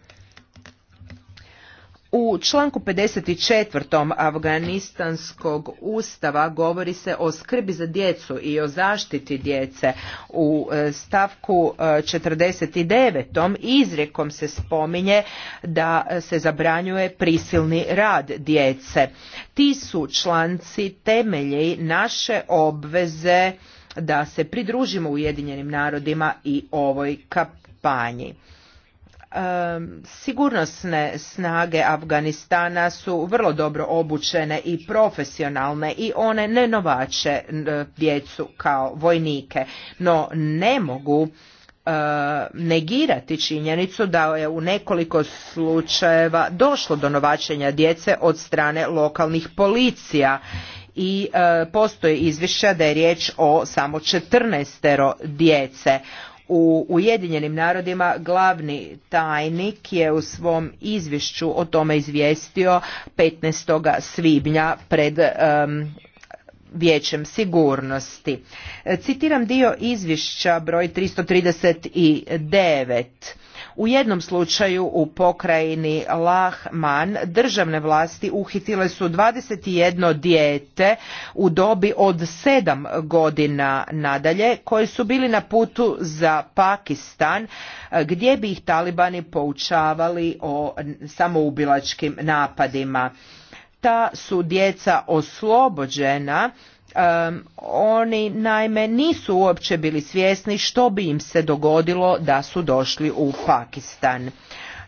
U članku 54. Afganistanskog ustava govori se o skrbi za djecu i o zaštiti djece. U e, stavku 49. E, izrijekom se spominje da se zabranjuje prisilni rad djece. Ti su članci temelji naše obveze da se pridružimo Ujedinjenim narodima i ovoj kampanji sigurnosne snage Afganistana su vrlo dobro obučene i profesionalne i one ne novače djecu kao vojnike, no ne mogu e, negirati činjenicu da je u nekoliko slučajeva došlo do novačenja djece od strane lokalnih policija i e, postoje izvješća da je riječ o samo 14 djece. U Ujedinjenim narodima glavni tajnik je u svom izvješću o tome izvijestio 15. svibnja pred um, Vijećem sigurnosti. Citiram dio izvješća broj 339 u jednom slučaju u pokrajini Lahman državne vlasti uhitile su 21 dijete u dobi od 7 godina nadalje koji su bili na putu za Pakistan gdje bi ih talibani poučavali o samoubilačkim napadima ta su djeca oslobođena oni naime nisu uopće bili svjesni što bi im se dogodilo da su došli u Pakistan.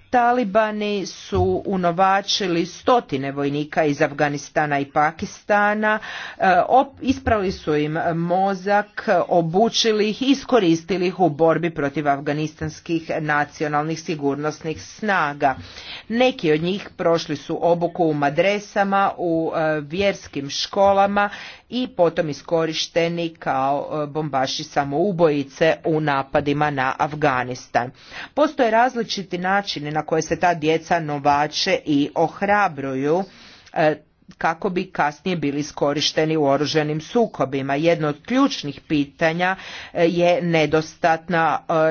Talibani su unovačili stotine vojnika iz Afganistana i Pakistana, e, isprali su im mozak, obučili ih i iskoristili ih u borbi protiv afganistanskih nacionalnih sigurnosnih snaga. Neki od njih prošli su obuku u madresama, u e, vjerskim školama i potom iskorišteni kao e, bombaši samoubojice u napadima na Afganistan. Postoje različiti načini na koje se ta djeca novače i ohrabruju e, kako bi kasnije bili iskorišteni u oruženim sukobima. Jedno od ključnih pitanja e, je e,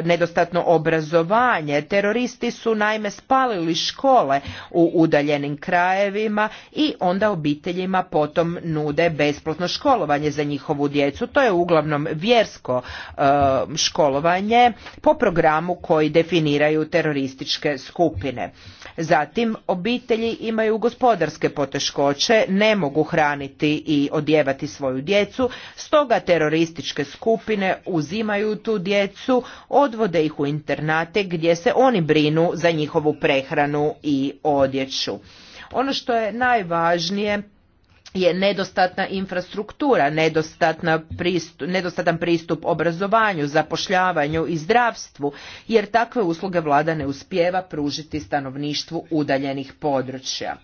nedostatno obrazovanje. Teroristi su naime spalili škole u udaljenim krajevima i onda obiteljima potom nude besplatno školovanje za njihovu djecu. To je uglavnom vjersko e, školovanje po programu koji definiraju terorističke skupine. Zatim obitelji imaju gospodarske poteškoće ne mogu hraniti i odjevati svoju djecu, stoga terorističke skupine uzimaju tu djecu, odvode ih u internate gdje se oni brinu za njihovu prehranu i odjeću. Ono što je najvažnije je nedostatna infrastruktura, nedostatna pristup, nedostatan pristup obrazovanju, zapošljavanju i zdravstvu, jer takve usluge vlada ne uspijeva pružiti stanovništvu udaljenih područja.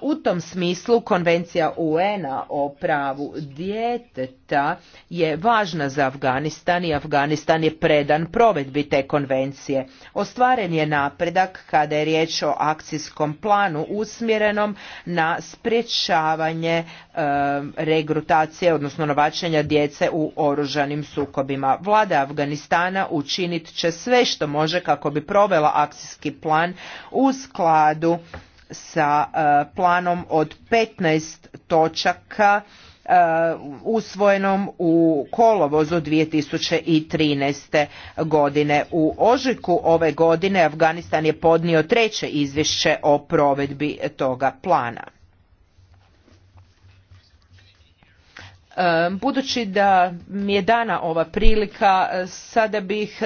U tom smislu konvencija UN-a o pravu djeteta je važna za Afganistan i Afganistan je predan provedbi te konvencije. Ostvaren je napredak kada je riječ o akcijskom planu usmjerenom na sprječavanje e, regrutacije, odnosno novačenja djece u oružanim sukobima. Vlada Afganistana učinit će sve što može kako bi provela akcijski plan u skladu sa e, planom od 15 točaka e, usvojenom u kolovozu 2013. godine. U ožujku ove godine Afganistan je podnio treće izvješće o provedbi toga plana. E, budući da mi je dana ova prilika, sada bih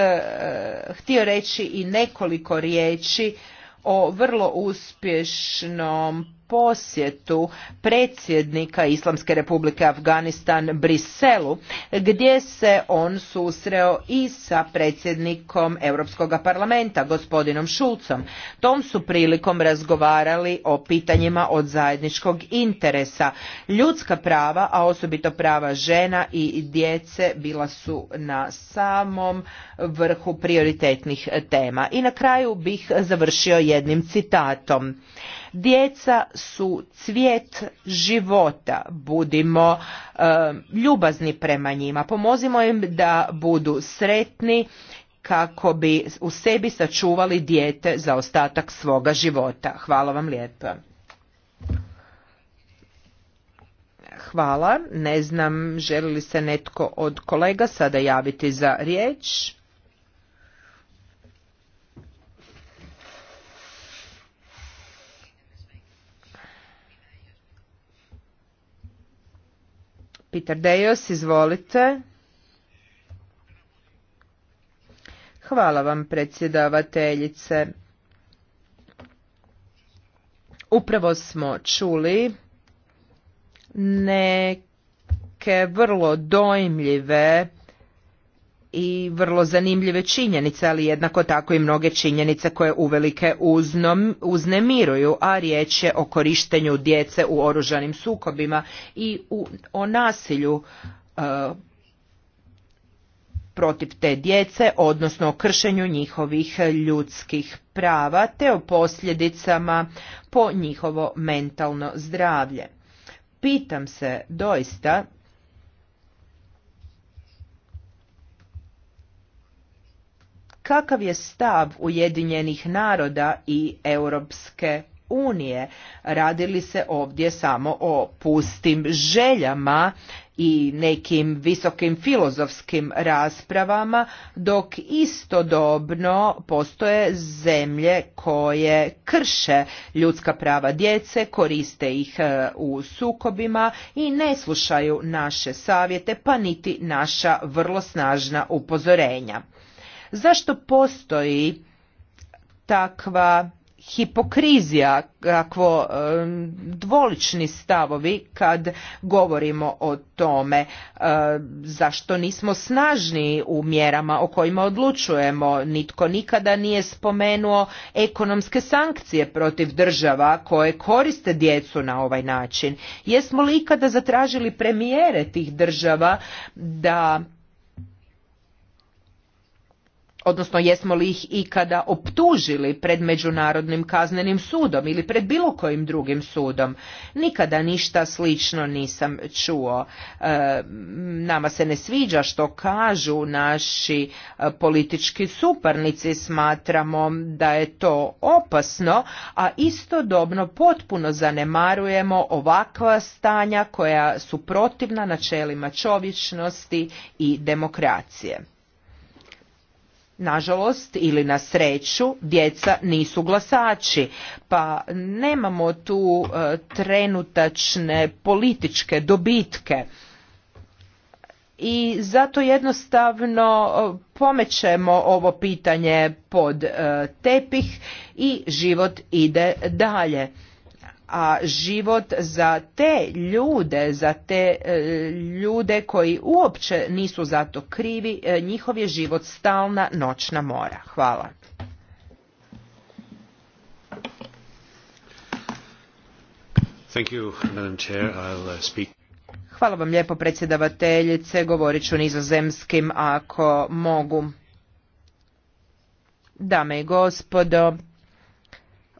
htio reći i nekoliko riječi o vrlo uspješnom posjetu predsjednika Islamske republike Afganistan Briselu gdje se on susreo i sa predsjednikom Europskog parlamenta gospodinom Šulcom. Tom su prilikom razgovarali o pitanjima od zajedničkog interesa. Ljudska prava, a osobito prava žena i djece bila su na samom vrhu prioritetnih tema. I na kraju bih završio jednim citatom. Djeca su cvijet života. Budimo um, ljubazni prema njima. Pomozimo im da budu sretni kako bi u sebi sačuvali dijete za ostatak svoga života. Hvala vam lijepa. Hvala. Ne znam, želi li se netko od kolega sada javiti za riječ? Peter Dejos, izvolite. Hvala vam, predsjedavateljice. Upravo smo čuli neke vrlo dojmljive i vrlo zanimljive činjenice, ali jednako tako i mnoge činjenice koje uvelike velike uznemiruju, a riječ je o korištenju djece u oružanim sukobima i u, o nasilju e, protiv te djece, odnosno o kršenju njihovih ljudskih prava te o posljedicama po njihovo mentalno zdravlje. Pitam se doista kakav je stav Ujedinjenih naroda i Europske unije. Radili se ovdje samo o pustim željama i nekim visokim filozofskim raspravama, dok istodobno postoje zemlje koje krše ljudska prava djece, koriste ih e, u sukobima i ne slušaju naše savjete, pa niti naša vrlo snažna upozorenja. Zašto postoji takva hipokrizija, kakvo dvolični stavovi kad govorimo o tome zašto nismo snažni u mjerama o kojima odlučujemo. Nitko nikada nije spomenuo ekonomske sankcije protiv država koje koriste djecu na ovaj način. Jesmo li ikada zatražili premijere tih država da odnosno jesmo li ih ikada optužili pred Međunarodnim kaznenim sudom ili pred bilo kojim drugim sudom. Nikada ništa slično nisam čuo. E, nama se ne sviđa što kažu naši e, politički suparnici, smatramo da je to opasno, a istodobno potpuno zanemarujemo ovakva stanja koja su protivna načelima čovječnosti i demokracije nažalost ili na sreću djeca nisu glasači pa nemamo tu e, trenutačne političke dobitke i zato jednostavno e, pomećemo ovo pitanje pod e, tepih i život ide dalje a život za te ljude, za te e, ljude koji uopće nisu za to krivi, e, njihov je život stalna noćna mora. Hvala. Thank you, Madam Chair. I'll uh, speak. Hvala vam lijepo predsjedavateljice, govorit ću nizozemskim ako mogu. Dame i gospodo,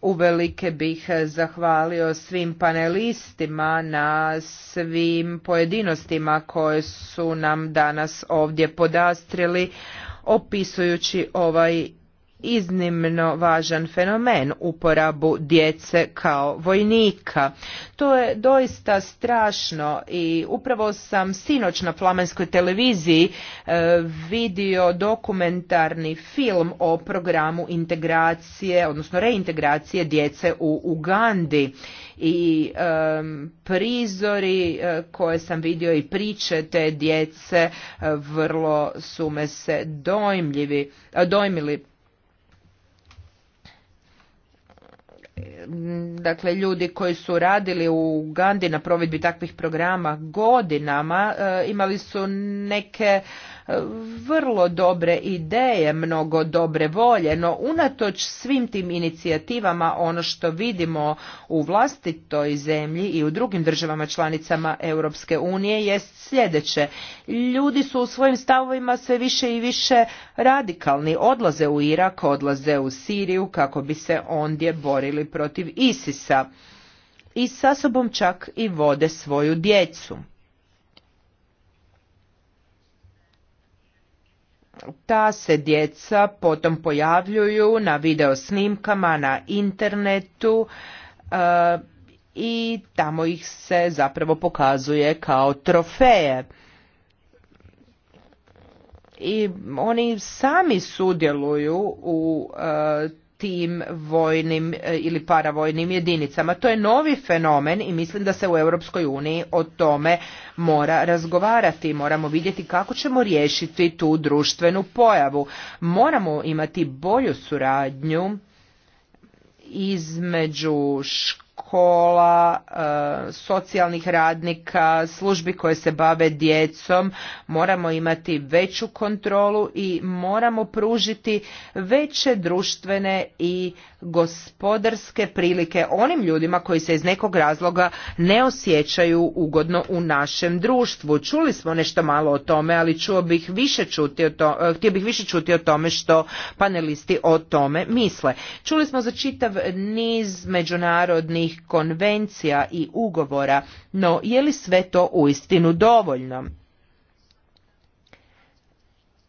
Uvelike bih zahvalio svim panelistima na svim pojedinostima koje su nam danas ovdje podastrili opisujući ovaj iznimno važan fenomen uporabu djece kao vojnika. To je doista strašno i upravo sam sinoć na flamenskoj televiziji e, vidio dokumentarni film o programu integracije, odnosno reintegracije djece u Ugandi i prizori e, koje sam vidio i priče te djece e, vrlo su me se dojmljivi, dojmili dakle ljudi koji su radili u Gandi na provedbi takvih programa godinama e, imali su neke vrlo dobre ideje, mnogo dobre volje, no unatoč svim tim inicijativama ono što vidimo u vlastitoj zemlji i u drugim državama članicama Europske unije jest sljedeće. Ljudi su u svojim stavovima sve više i više radikalni, odlaze u Irak, odlaze u Siriju kako bi se ondje borili protiv Isisa i sa sobom čak i vode svoju djecu. ta se djeca potom pojavljuju na video snimkama, na internetu e, i tamo ih se zapravo pokazuje kao trofeje. I oni sami sudjeluju u e, tim vojnim e, ili paravojnim jedinicama. To je novi fenomen i mislim da se u Europskoj uniji o tome mora razgovarati. Moramo vidjeti kako ćemo riješiti tu društvenu pojavu. Moramo imati bolju suradnju između škola, e, socijalnih radnika, službi koje se bave djecom, moramo imati veću kontrolu i moramo pružiti veće društvene i gospodarske prilike onim ljudima koji se iz nekog razloga ne osjećaju ugodno u našem društvu. Čuli smo nešto malo o tome, ali čuo bih više čuti o e, htio bih više čuti o tome što panelisti o tome misle. Čuli smo za čitav niz međunarodnih konvencija i ugovora, no je li sve to uistinu dovoljno?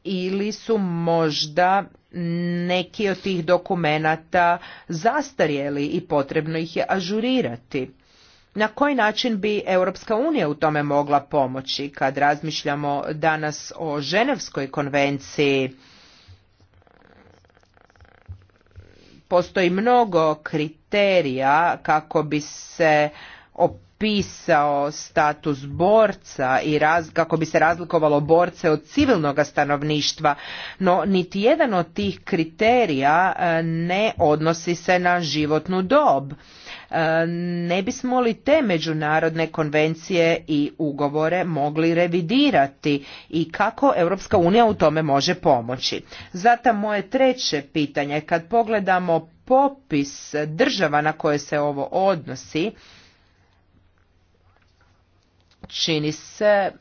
Ili su možda neki od tih dokumenata zastarjeli i potrebno ih je ažurirati? Na koji način bi Europska unija u tome mogla pomoći kad razmišljamo danas o Ženevskoj konvenciji? Postoji mnogo kriterija kriterija kako bi se opisao status borca i kako bi se razlikovalo borce od civilnog stanovništva, no niti jedan od tih kriterija e, ne odnosi se na životnu dob. E, ne bismo li te međunarodne konvencije i ugovore mogli revidirati i kako Europska unija u tome može pomoći. Zato moje treće pitanje, kad pogledamo popis država na koje se ovo odnosi, čini se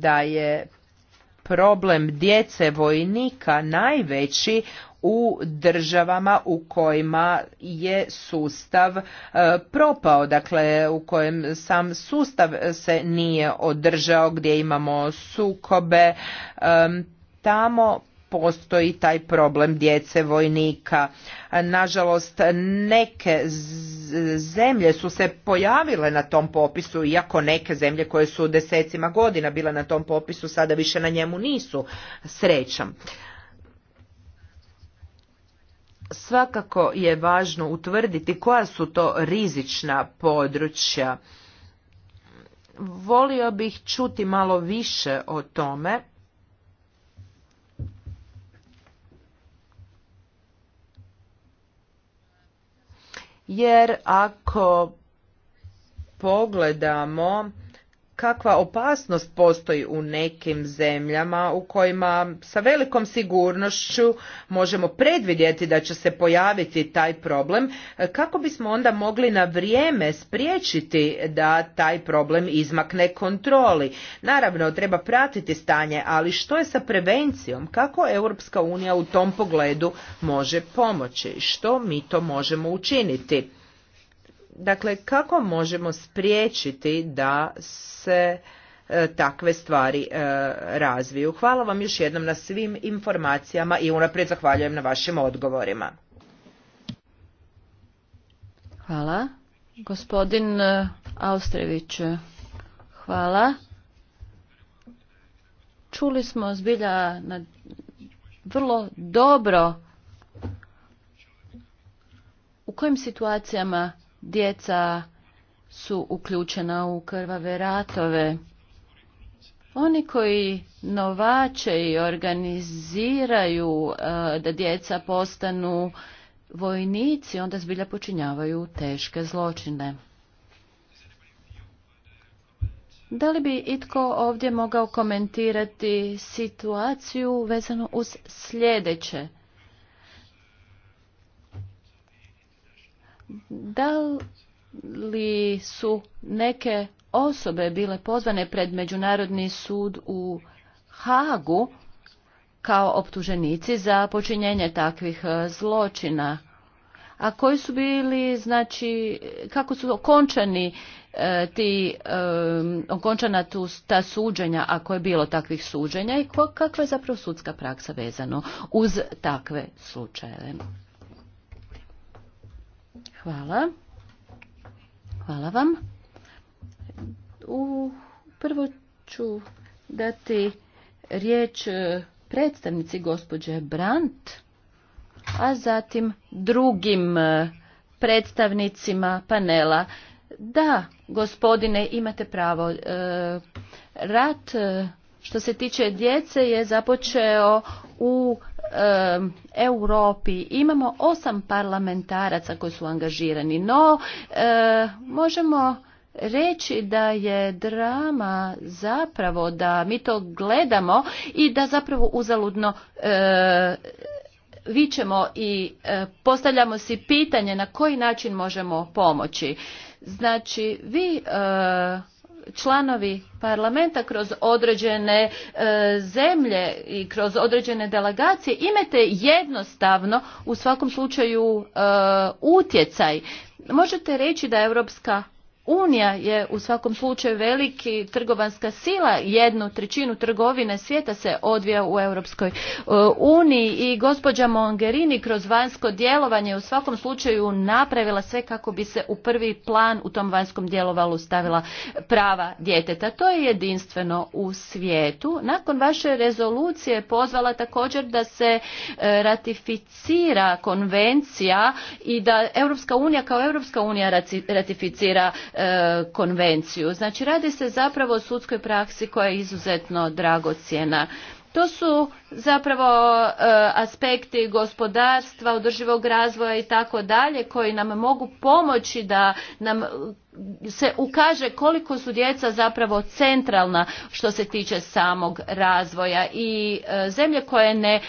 da je problem djece vojnika najveći u državama u kojima je sustav e, propao, dakle u kojem sam sustav se nije održao, gdje imamo sukobe, e, tamo postoji taj problem djece vojnika. Nažalost, neke zemlje su se pojavile na tom popisu, iako neke zemlje koje su desecima godina bile na tom popisu, sada više na njemu nisu srećom. Svakako je važno utvrditi koja su to rizična područja. Volio bih čuti malo više o tome. Jer ako pogledamo kakva opasnost postoji u nekim zemljama u kojima sa velikom sigurnošću možemo predvidjeti da će se pojaviti taj problem, e, kako bismo onda mogli na vrijeme spriječiti da taj problem izmakne kontroli. Naravno, treba pratiti stanje, ali što je sa prevencijom? Kako Europska unija u tom pogledu može pomoći? Što mi to možemo učiniti? Dakle, kako možemo spriječiti da se e, takve stvari e, razviju? Hvala vam još jednom na svim informacijama i unaprijed zahvaljujem na vašim odgovorima. Hvala. Gospodin e, Austrević, hvala. Čuli smo zbilja na vrlo dobro u kojim situacijama Djeca su uključena u krvave ratove. Oni koji novače i organiziraju e, da djeca postanu vojnici, onda zbilja počinjavaju teške zločine. Da li bi itko ovdje mogao komentirati situaciju vezano uz sljedeće? Da li su neke osobe bile pozvane pred Međunarodni sud u Hagu kao optuženici za počinjenje takvih e, zločina? A koji su bili, znači, kako su okončani e, ti, e, okončana tu, ta suđenja, ako je bilo takvih suđenja i kakva je zapravo sudska praksa vezano uz takve slučajeve? Hvala. Hvala vam. U prvo ću dati riječ e, predstavnici gospođe Brandt, a zatim drugim e, predstavnicima panela. Da, gospodine, imate pravo. E, rat što se tiče djece je započeo u Europi imamo osam parlamentaraca koji su angažirani, no eh, možemo reći da je drama zapravo da mi to gledamo i da zapravo uzaludno e, vičemo i eh, postavljamo si pitanje na koji način možemo pomoći. Znači vi članovi parlamenta kroz određene e, zemlje i kroz određene delegacije imate jednostavno u svakom slučaju e, utjecaj možete reći da europska Unija je u svakom slučaju veliki trgovanska sila, jednu trećinu trgovine svijeta se odvija u Europskoj e, uniji i gospođa Mongerini kroz vanjsko djelovanje u svakom slučaju napravila sve kako bi se u prvi plan u tom vanjskom djelovalu stavila prava djeteta. To je jedinstveno u svijetu. Nakon vaše rezolucije pozvala također da se e, ratificira konvencija i da Europska unija kao Europska unija ratificira e, E, konvenciju. Znači radi se zapravo o sudskoj praksi koja je izuzetno dragocjena. To su zapravo e, aspekti gospodarstva, održivog razvoja i tako dalje koji nam mogu pomoći da nam se ukaže koliko su djeca zapravo centralna što se tiče samog razvoja i e, zemlje koje ne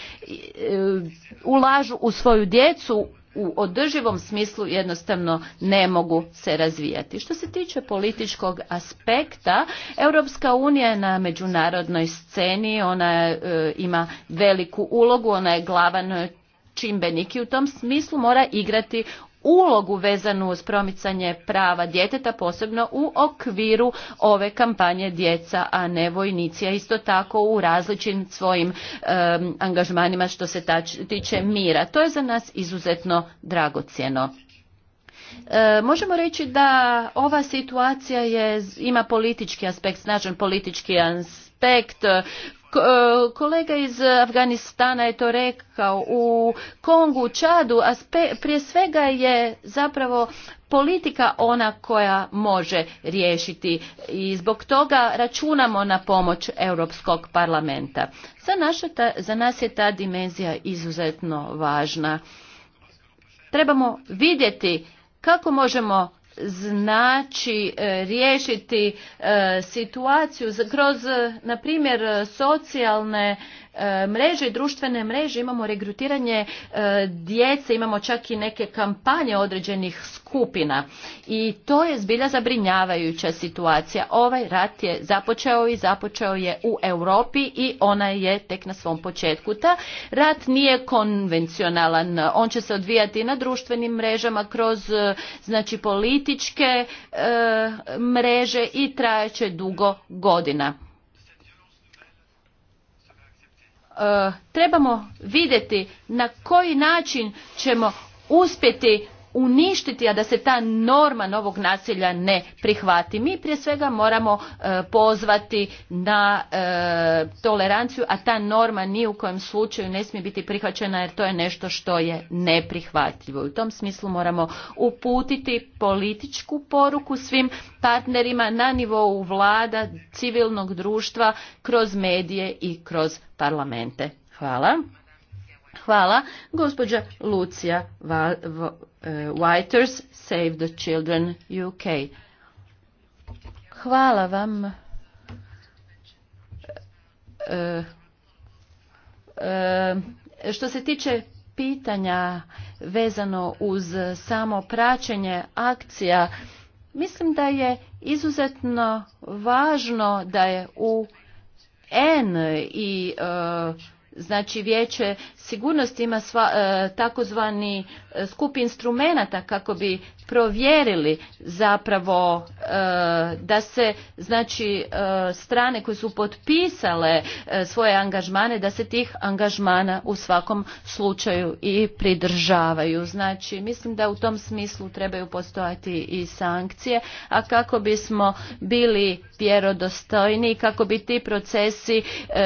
ulažu u svoju djecu u održivom smislu jednostavno ne mogu se razvijati. Što se tiče političkog aspekta, Europska unija je na međunarodnoj sceni, ona e, ima veliku ulogu, ona je glavan čimbenik i u tom smislu mora igrati ulogu vezanu uz promicanje prava djeteta, posebno u okviru ove kampanje djeca, a ne vojnici, isto tako u različitim svojim angažmanima što se tiče mira. To je za nas izuzetno dragocjeno. E, možemo reći da ova situacija je, ima politički aspekt, snažan politički aspekt, E, kolega iz Afganistana je to rekao, u Kongu, Čadu, a prije svega je zapravo politika ona koja može riješiti i zbog toga računamo na pomoć Europskog parlamenta. Za, za nas je ta dimenzija izuzetno važna. Trebamo vidjeti kako možemo znači e, riješiti e, situaciju kroz e, na primjer socijalne E, mreže i društvene mreže, imamo regrutiranje e, djece, imamo čak i neke kampanje određenih skupina i to je zbilja zabrinjavajuća situacija. Ovaj rat je započeo i započeo je u Europi i ona je tek na svom početku. Ta rat nije konvencionalan, on će se odvijati na društvenim mrežama kroz e, znači političke mreže i trajeće dugo godina. E, trebamo vidjeti na koji način ćemo uspjeti uništiti, a da se ta norma novog nasilja ne prihvati. Mi prije svega moramo e, pozvati na e, toleranciju, a ta norma ni u kojem slučaju ne smije biti prihvaćena jer to je nešto što je neprihvatljivo. U tom smislu moramo uputiti političku poruku svim partnerima na nivou vlada, civilnog društva, kroz medije i kroz parlamente. Hvala. Hvala. Gospođa Lucia eh, Whiters, Save the Children UK. Hvala vam. Eh, eh, što se tiče pitanja vezano uz samo praćenje akcija, mislim da je izuzetno važno da je u N i Znači vijeće sigurnosti ima e, takozvani e, skup instrumenata kako bi provjerili zapravo e, da se znači e, strane koje su potpisale e, svoje angažmane da se tih angažmana u svakom slučaju i pridržavaju. Znači mislim da u tom smislu trebaju postojati i sankcije, a kako bismo bili vjerodostojni i kako bi ti procesi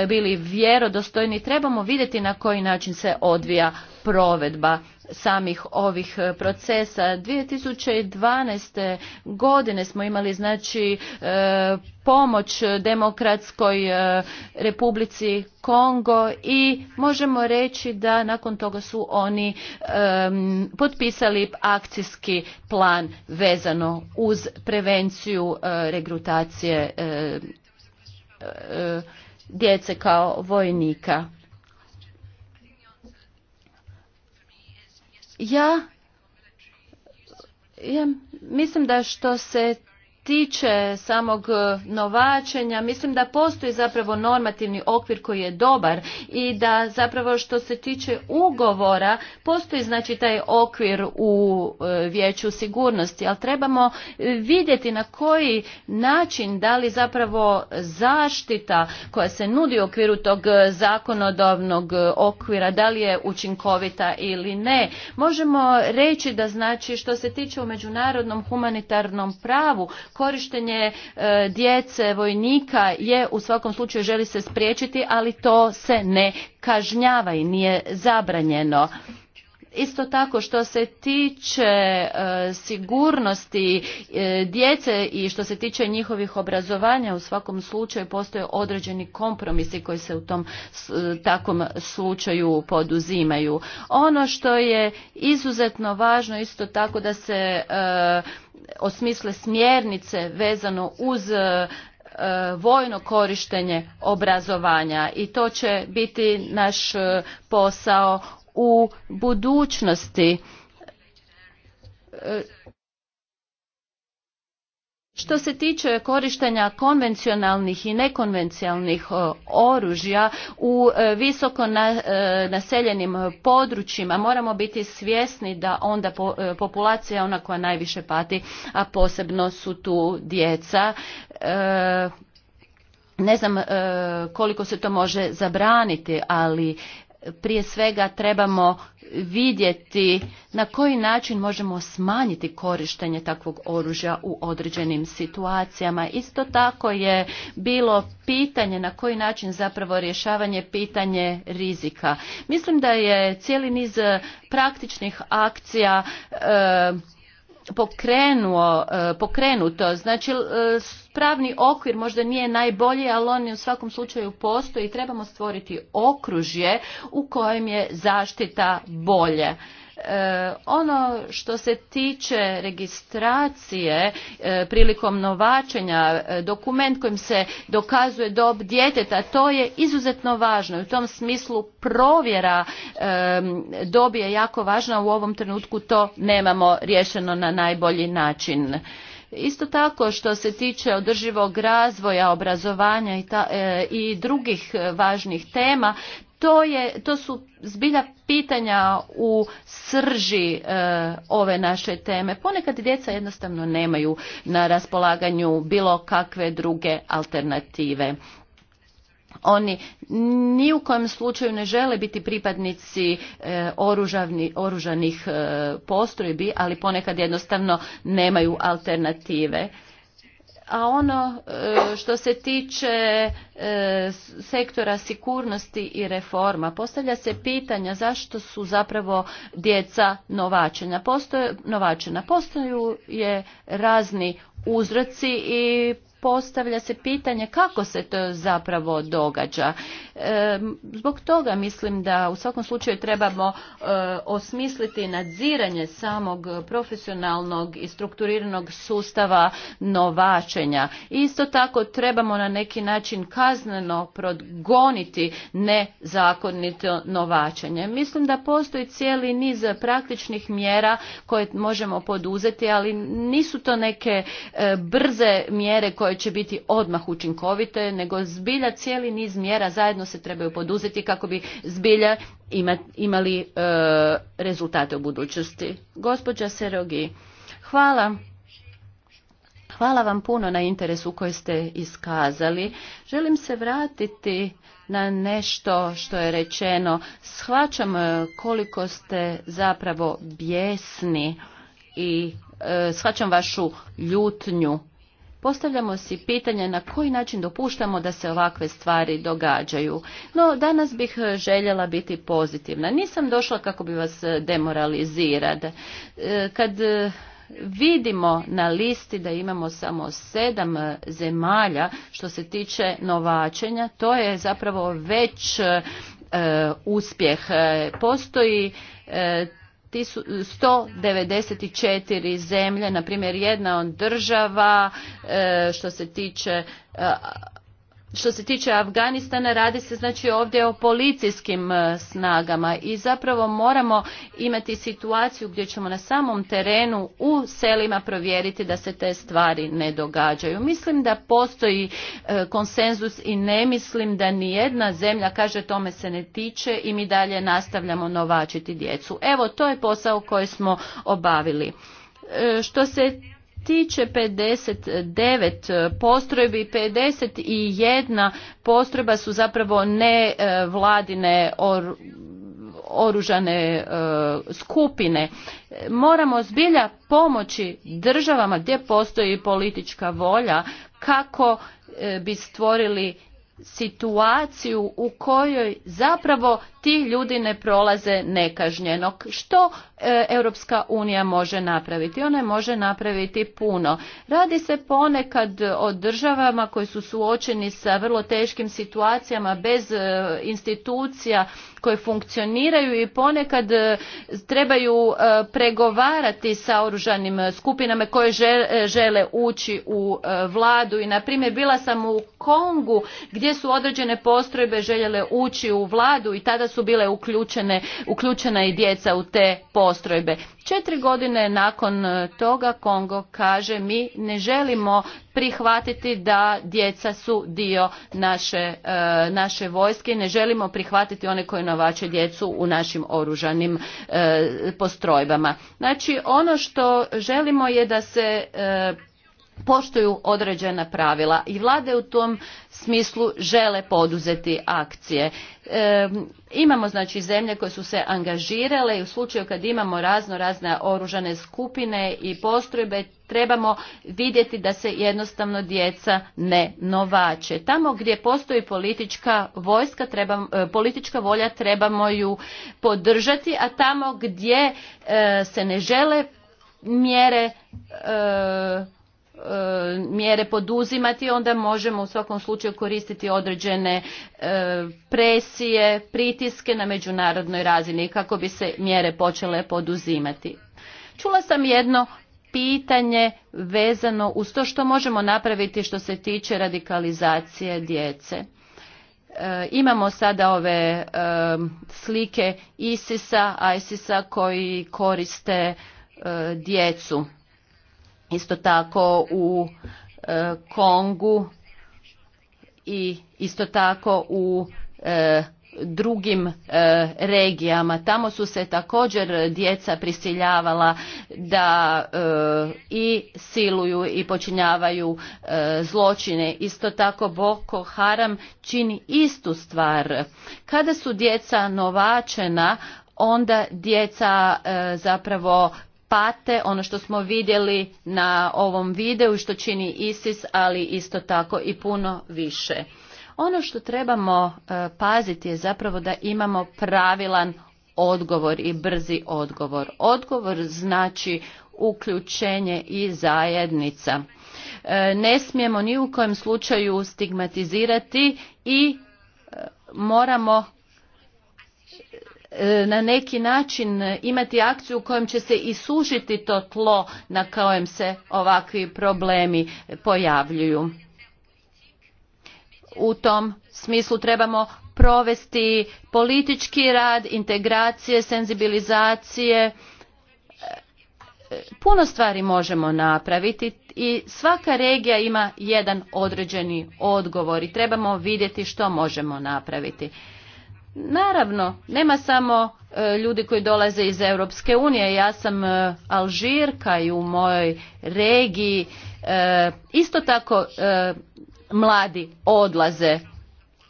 bili vjerodostojni trebamo vidjeti na koji način se odvija provedba samih ovih e, procesa. 2012. godine smo imali znači e, pomoć Demokratskoj e, Republici Kongo i možemo reći da nakon toga su oni potpisali akcijski plan vezano uz prevenciju regrutacije djece kao vojnika. Ja, mislim da što se tiče samog e, novačenja, mislim da postoji zapravo normativni okvir koji je dobar i da zapravo što se tiče ugovora, postoji znači taj okvir u e, vijeću sigurnosti, ali trebamo vidjeti na koji način da li zapravo zaštita koja se nudi u okviru tog zakonodavnog okvira, da li je učinkovita ili ne. Možemo reći da znači što se tiče u međunarodnom humanitarnom pravu, korištenje e, djece vojnika je u svakom slučaju želi se spriječiti ali to se ne kažnjava i nije zabranjeno isto tako što se tiče e, sigurnosti e, djece i što se tiče njihovih obrazovanja u svakom slučaju postoje određeni kompromisi koji se u tom takvom slučaju poduzimaju ono što je izuzetno važno isto tako da se osmisle smjernice vezano uz e, e, vojno korištenje obrazovanja i to će biti naš e, posao u budućnosti što se tiče korištenja konvencionalnih i nekonvencionalnih e, oružja u e, visoko e, naseljenim područjima moramo biti svjesni da onda populacija ona koja najviše pati, a posebno su tu djeca. Ne znam koliko se to može zabraniti, ali prije svega trebamo vidjeti na koji način možemo smanjiti korištenje takvog oružja u određenim situacijama. Isto tako je bilo pitanje na koji način zapravo rješavanje pitanje rizika. Mislim da je cijeli niz praktičnih akcija e, pokrenuo, e, pokrenuto. Znači, e, pravni okvir možda nije najbolji, ali on u svakom slučaju postoji i trebamo stvoriti okružje u kojem je zaštita bolje. E, ono što se tiče registracije e, prilikom novačenja, e, dokument kojim se dokazuje dob djeteta, to je izuzetno važno. U tom smislu provjera dobi je jako važna, u ovom trenutku to nemamo riješeno na najbolji način. Isto tako što se tiče održivog razvoja, obrazovanja i, i drugih važnih tema, to, je, to su zbilja pitanja u srži e, ove naše teme. Ponekad djeca jednostavno nemaju na raspolaganju bilo kakve druge alternative. Oni ni u kojem slučaju ne žele biti pripadnici e, oružanih e, postrojbi, ali ponekad jednostavno nemaju alternative a ono e, što se tiče e, sektora sigurnosti i reforma postavlja se pitanja zašto su zapravo djeca novačena postoje novačena postoje je razni uzroci i postavlja se pitanje kako se to zapravo događa. E, zbog toga mislim da u svakom slučaju trebamo e, osmisliti nadziranje samog profesionalnog i strukturiranog sustava novačenja. Isto tako trebamo na neki način kazneno progoniti nezakonito novačenje. Mislim da postoji cijeli niz praktičnih mjera koje možemo poduzeti, ali nisu to neke e, brze mjere koje će biti odmah učinkovite, nego zbilja cijeli niz mjera zajedno se trebaju poduzeti kako bi zbilja imali e, rezultate u budućnosti. Gospođa Serogi, hvala. Hvala vam puno na interesu koji ste iskazali. Želim se vratiti na nešto što je rečeno. Shvaćam e, koliko ste zapravo bjesni i e, shvaćam vašu ljutnju postavljamo si pitanje na koji način dopuštamo da se ovakve stvari događaju. No, danas bih e, željela biti pozitivna. Nisam došla kako bi vas e, demoralizirati. E, kad vidimo na listi da imamo samo sedam zemalja što se tiče novačenja, to je zapravo već uspjeh. Postoji 194 zemlje, na primjer jedna od država e, što se tiče što se tiče Afganistana radi se znači ovdje o policijskim e, snagama i zapravo moramo imati situaciju gdje ćemo na samom terenu u selima provjeriti da se te stvari ne događaju. Mislim da postoji e, konsenzus i ne mislim da ni jedna zemlja kaže tome se ne tiče i mi dalje nastavljamo novačiti djecu. Evo to je posao koji smo obavili. E, što se tiče 59 e, postrojbi, 51 postrojba su zapravo ne e, vladine oružane e, skupine. Moramo zbilja pomoći državama gdje postoji politička volja kako bi stvorili situaciju u kojoj zapravo ti ljudi ne prolaze nekažnjenog. Što E, Europska unija može napraviti. Ona može napraviti puno. Radi se ponekad o državama koji su suočeni sa vrlo teškim situacijama bez e, institucija koje funkcioniraju i ponekad e, trebaju pregovarati sa oružanim skupinama koje žele ući u vladu i na primjer bila sam u Kongu gdje su određene postrojbe željele ući u vladu i tada su bile uključene, uključena i djeca u te postrojbe postrojbe. Četiri godine nakon e, toga Kongo kaže mi ne želimo prihvatiti da djeca su dio naše, e, naše vojske, ne želimo prihvatiti one koji navače djecu u našim oružanim e, postrojbama. Znači ono što želimo je da se poštuju određena pravila i vlade u tom smislu žele poduzeti akcije imamo znači zemlje koje su se angažirale i u slučaju kad imamo razno razne oružane skupine i postrojbe trebamo vidjeti da se jednostavno djeca ne novače. Tamo gdje postoji politička vojska, treba, politička volja trebamo ju podržati, a tamo gdje eh, se ne žele mjere eh, E, mjere poduzimati, onda možemo u svakom slučaju koristiti određene e, presije, pritiske na međunarodnoj razini kako bi se mjere počele poduzimati. Čula sam jedno pitanje vezano uz to što možemo napraviti što se tiče radikalizacije djece. E, imamo sada ove slike ISIS-a, koji koriste djecu isto tako u e, Kongu i isto tako u e, drugim e, regijama. Tamo su se također djeca prisiljavala da i siluju i počinjavaju zločine. Isto tako Boko Haram čini istu stvar. Kada su djeca novačena, onda djeca zapravo pate ono što smo vidjeli na ovom videu što čini ISIS, ali isto tako i puno više. Ono što trebamo e, paziti je zapravo da imamo pravilan odgovor i brzi odgovor. Odgovor znači uključenje i zajednica. E, ne smijemo ni u kojem slučaju stigmatizirati i e, moramo E, na neki način imati akciju u kojem će se sužiti to tlo na kojem se ovakvi problemi pojavljuju. U tom smislu trebamo provesti politički rad, integracije, senzibilizacije. E, puno stvari možemo napraviti i svaka regija ima jedan određeni odgovor i trebamo vidjeti što možemo napraviti. Naravno, nema samo e, ljudi koji dolaze iz Europske unije. Ja sam e, Alžirka i u mojoj regiji e, isto tako e, mladi odlaze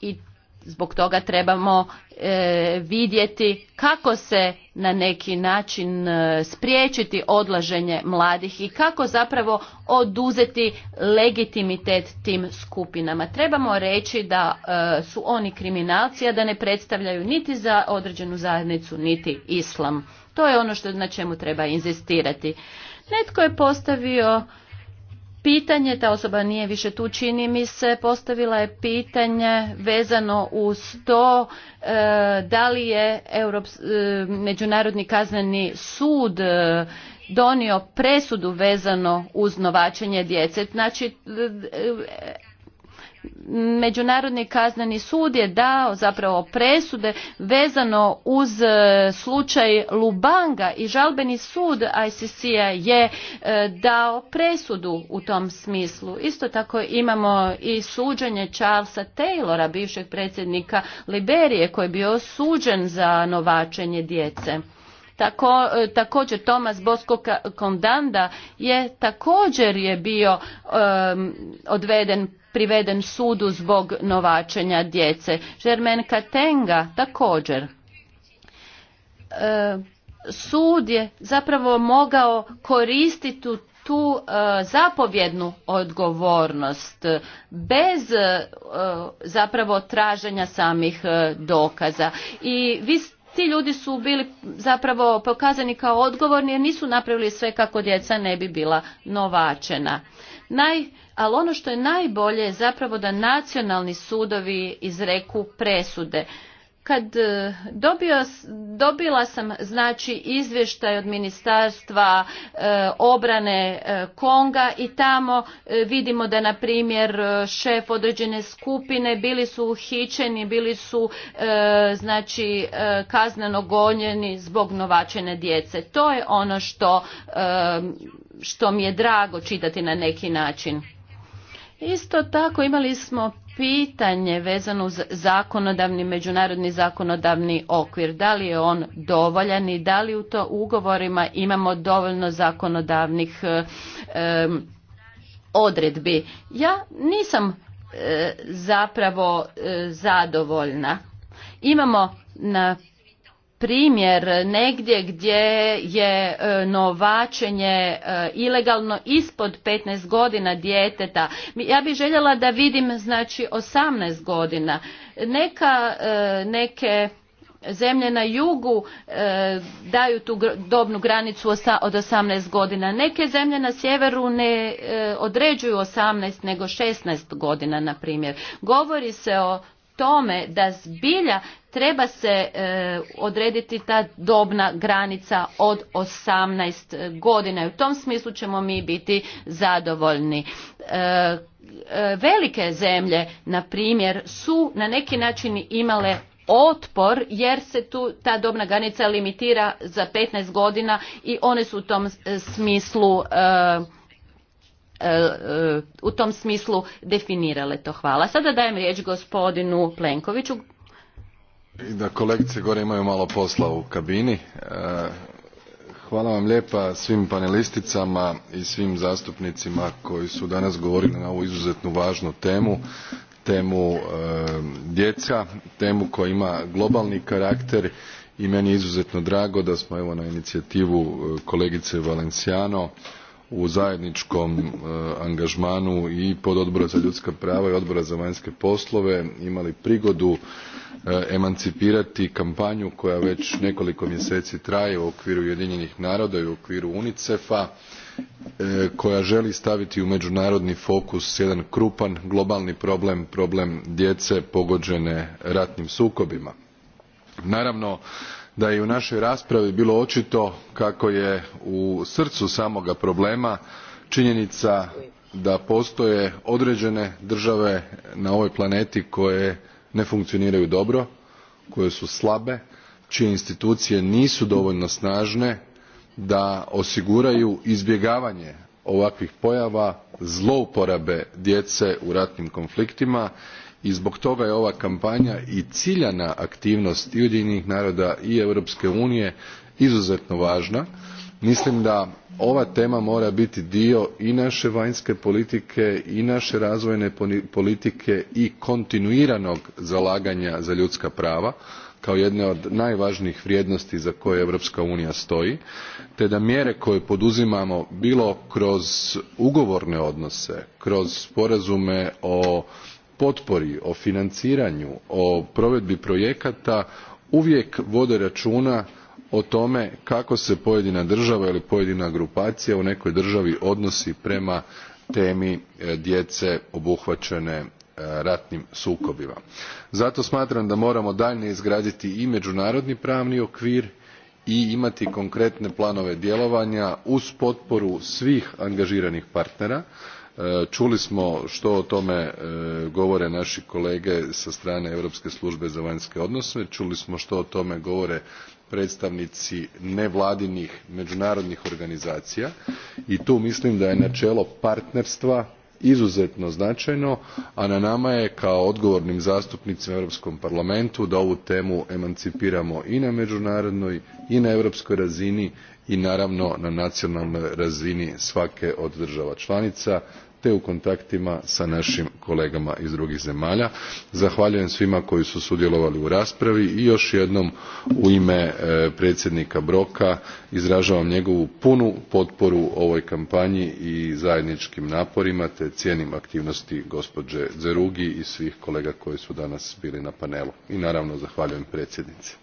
i zbog toga trebamo E, vidjeti kako se na neki način e, spriječiti odlaženje mladih i kako zapravo oduzeti legitimitet tim skupinama. Trebamo reći da e, su oni kriminalci, a da ne predstavljaju niti za određenu zajednicu, niti islam. To je ono što na čemu treba inzistirati. Netko je postavio pitanje, ta osoba nije više tu čini mi se, postavila je pitanje vezano uz to e, da li je Europs, e, Međunarodni kazneni sud e, donio presudu vezano uz novačenje djece. Znači, Međunarodni kazneni sud je dao zapravo presude vezano uz e, slučaj Lubanga i žalbeni sud ICC-a je e, dao presudu u tom smislu. Isto tako imamo i suđenje Charlesa Taylora, bivšeg predsjednika Liberije koji je bio suđen za novačenje djece. Tako, e, također Tomas Bosko Kondanda je također je bio odveden priveden sudu zbog novačenja djece. Žermenka Tenga također. E, sud je zapravo mogao koristiti tu e, zapovjednu odgovornost bez e, zapravo traženja samih dokaza. I ti ljudi su bili zapravo pokazani kao odgovorni jer nisu napravili sve kako djeca ne bi bila novačena. Naj, ali ono što je najbolje je zapravo da nacionalni sudovi izreku presude kad e, dobio, dobila sam znači izvještaj od ministarstva e, obrane e, Konga i tamo vidimo da na primjer šef određene skupine bili su uhićeni, bili su znači kazneno gonjeni zbog novačene djece. To je ono što, što mi je drago čitati na neki način. Isto tako imali smo pitanje vezano uz zakonodavni, međunarodni zakonodavni okvir. Da li je on dovoljan i da li u to ugovorima imamo dovoljno zakonodavnih e, e, odredbi? Ja nisam e, zapravo zadovoljna. Imamo na primjer negdje gdje je e, novačenje e, ilegalno ispod 15 godina djeteta. Ja bih željela da vidim znači 18 godina. Neka, e, neke zemlje na jugu daju tu dobnu granicu od 18 godina. Neke zemlje na sjeveru ne određuju 18 nego 16 godina na primjer. Govori se o tome da zbilja treba se e, odrediti ta dobna granica od 18 e, godina i u tom smislu ćemo mi biti zadovoljni. E, velike zemlje, na primjer, su na neki način imale otpor jer se tu ta dobna granica limitira za 15 godina i one su u tom smislu u tom smislu definirale to. Hvala. Sada dajem riječ gospodinu Plenkoviću. I da kolegice gore imaju malo posla u kabini. E, hvala vam lijepa svim panelisticama i svim zastupnicima koji su danas govorili na ovu izuzetno važnu temu temu e, djeca temu koja ima globalni karakter i meni je izuzetno drago da smo evo na inicijativu e, kolegice valenciano u zajedničkom angažmanu i pod odbora za ljudska prava i odbora za vanjske poslove imali prigodu E, emancipirati kampanju koja već nekoliko mjeseci traje u okviru ujedinjenih naroda i u okviru unicef a e, koja želi staviti u međunarodni fokus jedan krupan globalni problem problem djece pogođene ratnim sukobima. naravno da je i u našoj raspravi bilo očito kako je u srcu samoga problema činjenica da postoje određene države na ovoj planeti koje ne funkcioniraju dobro koje su slabe čije institucije nisu dovoljno snažne da osiguraju izbjegavanje ovakvih pojava zlouporabe djece u ratnim konfliktima i zbog toga je ova kampanja i ciljana aktivnost i ujedinjenih naroda i europske unije izuzetno važna mislim da ova tema mora biti dio i naše vanjske politike i naše razvojne politike i kontinuiranog zalaganja za ljudska prava kao jedne od najvažnijih vrijednosti za koje europska unija stoji te da mjere koje poduzimamo bilo kroz ugovorne odnose kroz sporazume o potpori o financiranju o provedbi projekata uvijek vode računa o tome kako se pojedina država ili pojedina grupacija u nekoj državi odnosi prema temi e, djece obuhvaćene e, ratnim sukobima. zato smatram da moramo daljnje izgraditi i međunarodni pravni okvir i imati konkretne planove djelovanja uz potporu svih angažiranih partnera e, čuli smo što o tome govore naši kolege sa strane europske službe za vanjske odnose čuli smo što o tome govore predstavnici nevladinih međunarodnih organizacija i tu mislim da je načelo partnerstva izuzetno značajno a na nama je kao odgovornim zastupnicima u europskom parlamentu da ovu temu emancipiramo i na međunarodnoj i na europskoj razini i naravno na nacionalnoj razini svake od država članica te u kontaktima sa našim kolegama iz drugih zemalja. Zahvaljujem svima koji su sudjelovali u raspravi i još jednom u ime e, predsjednika Broka izražavam njegovu punu potporu ovoj kampanji i zajedničkim naporima te cijenim aktivnosti gospođe Zerugi i svih kolega koji su danas bili na panelu. I naravno zahvaljujem predsjednici.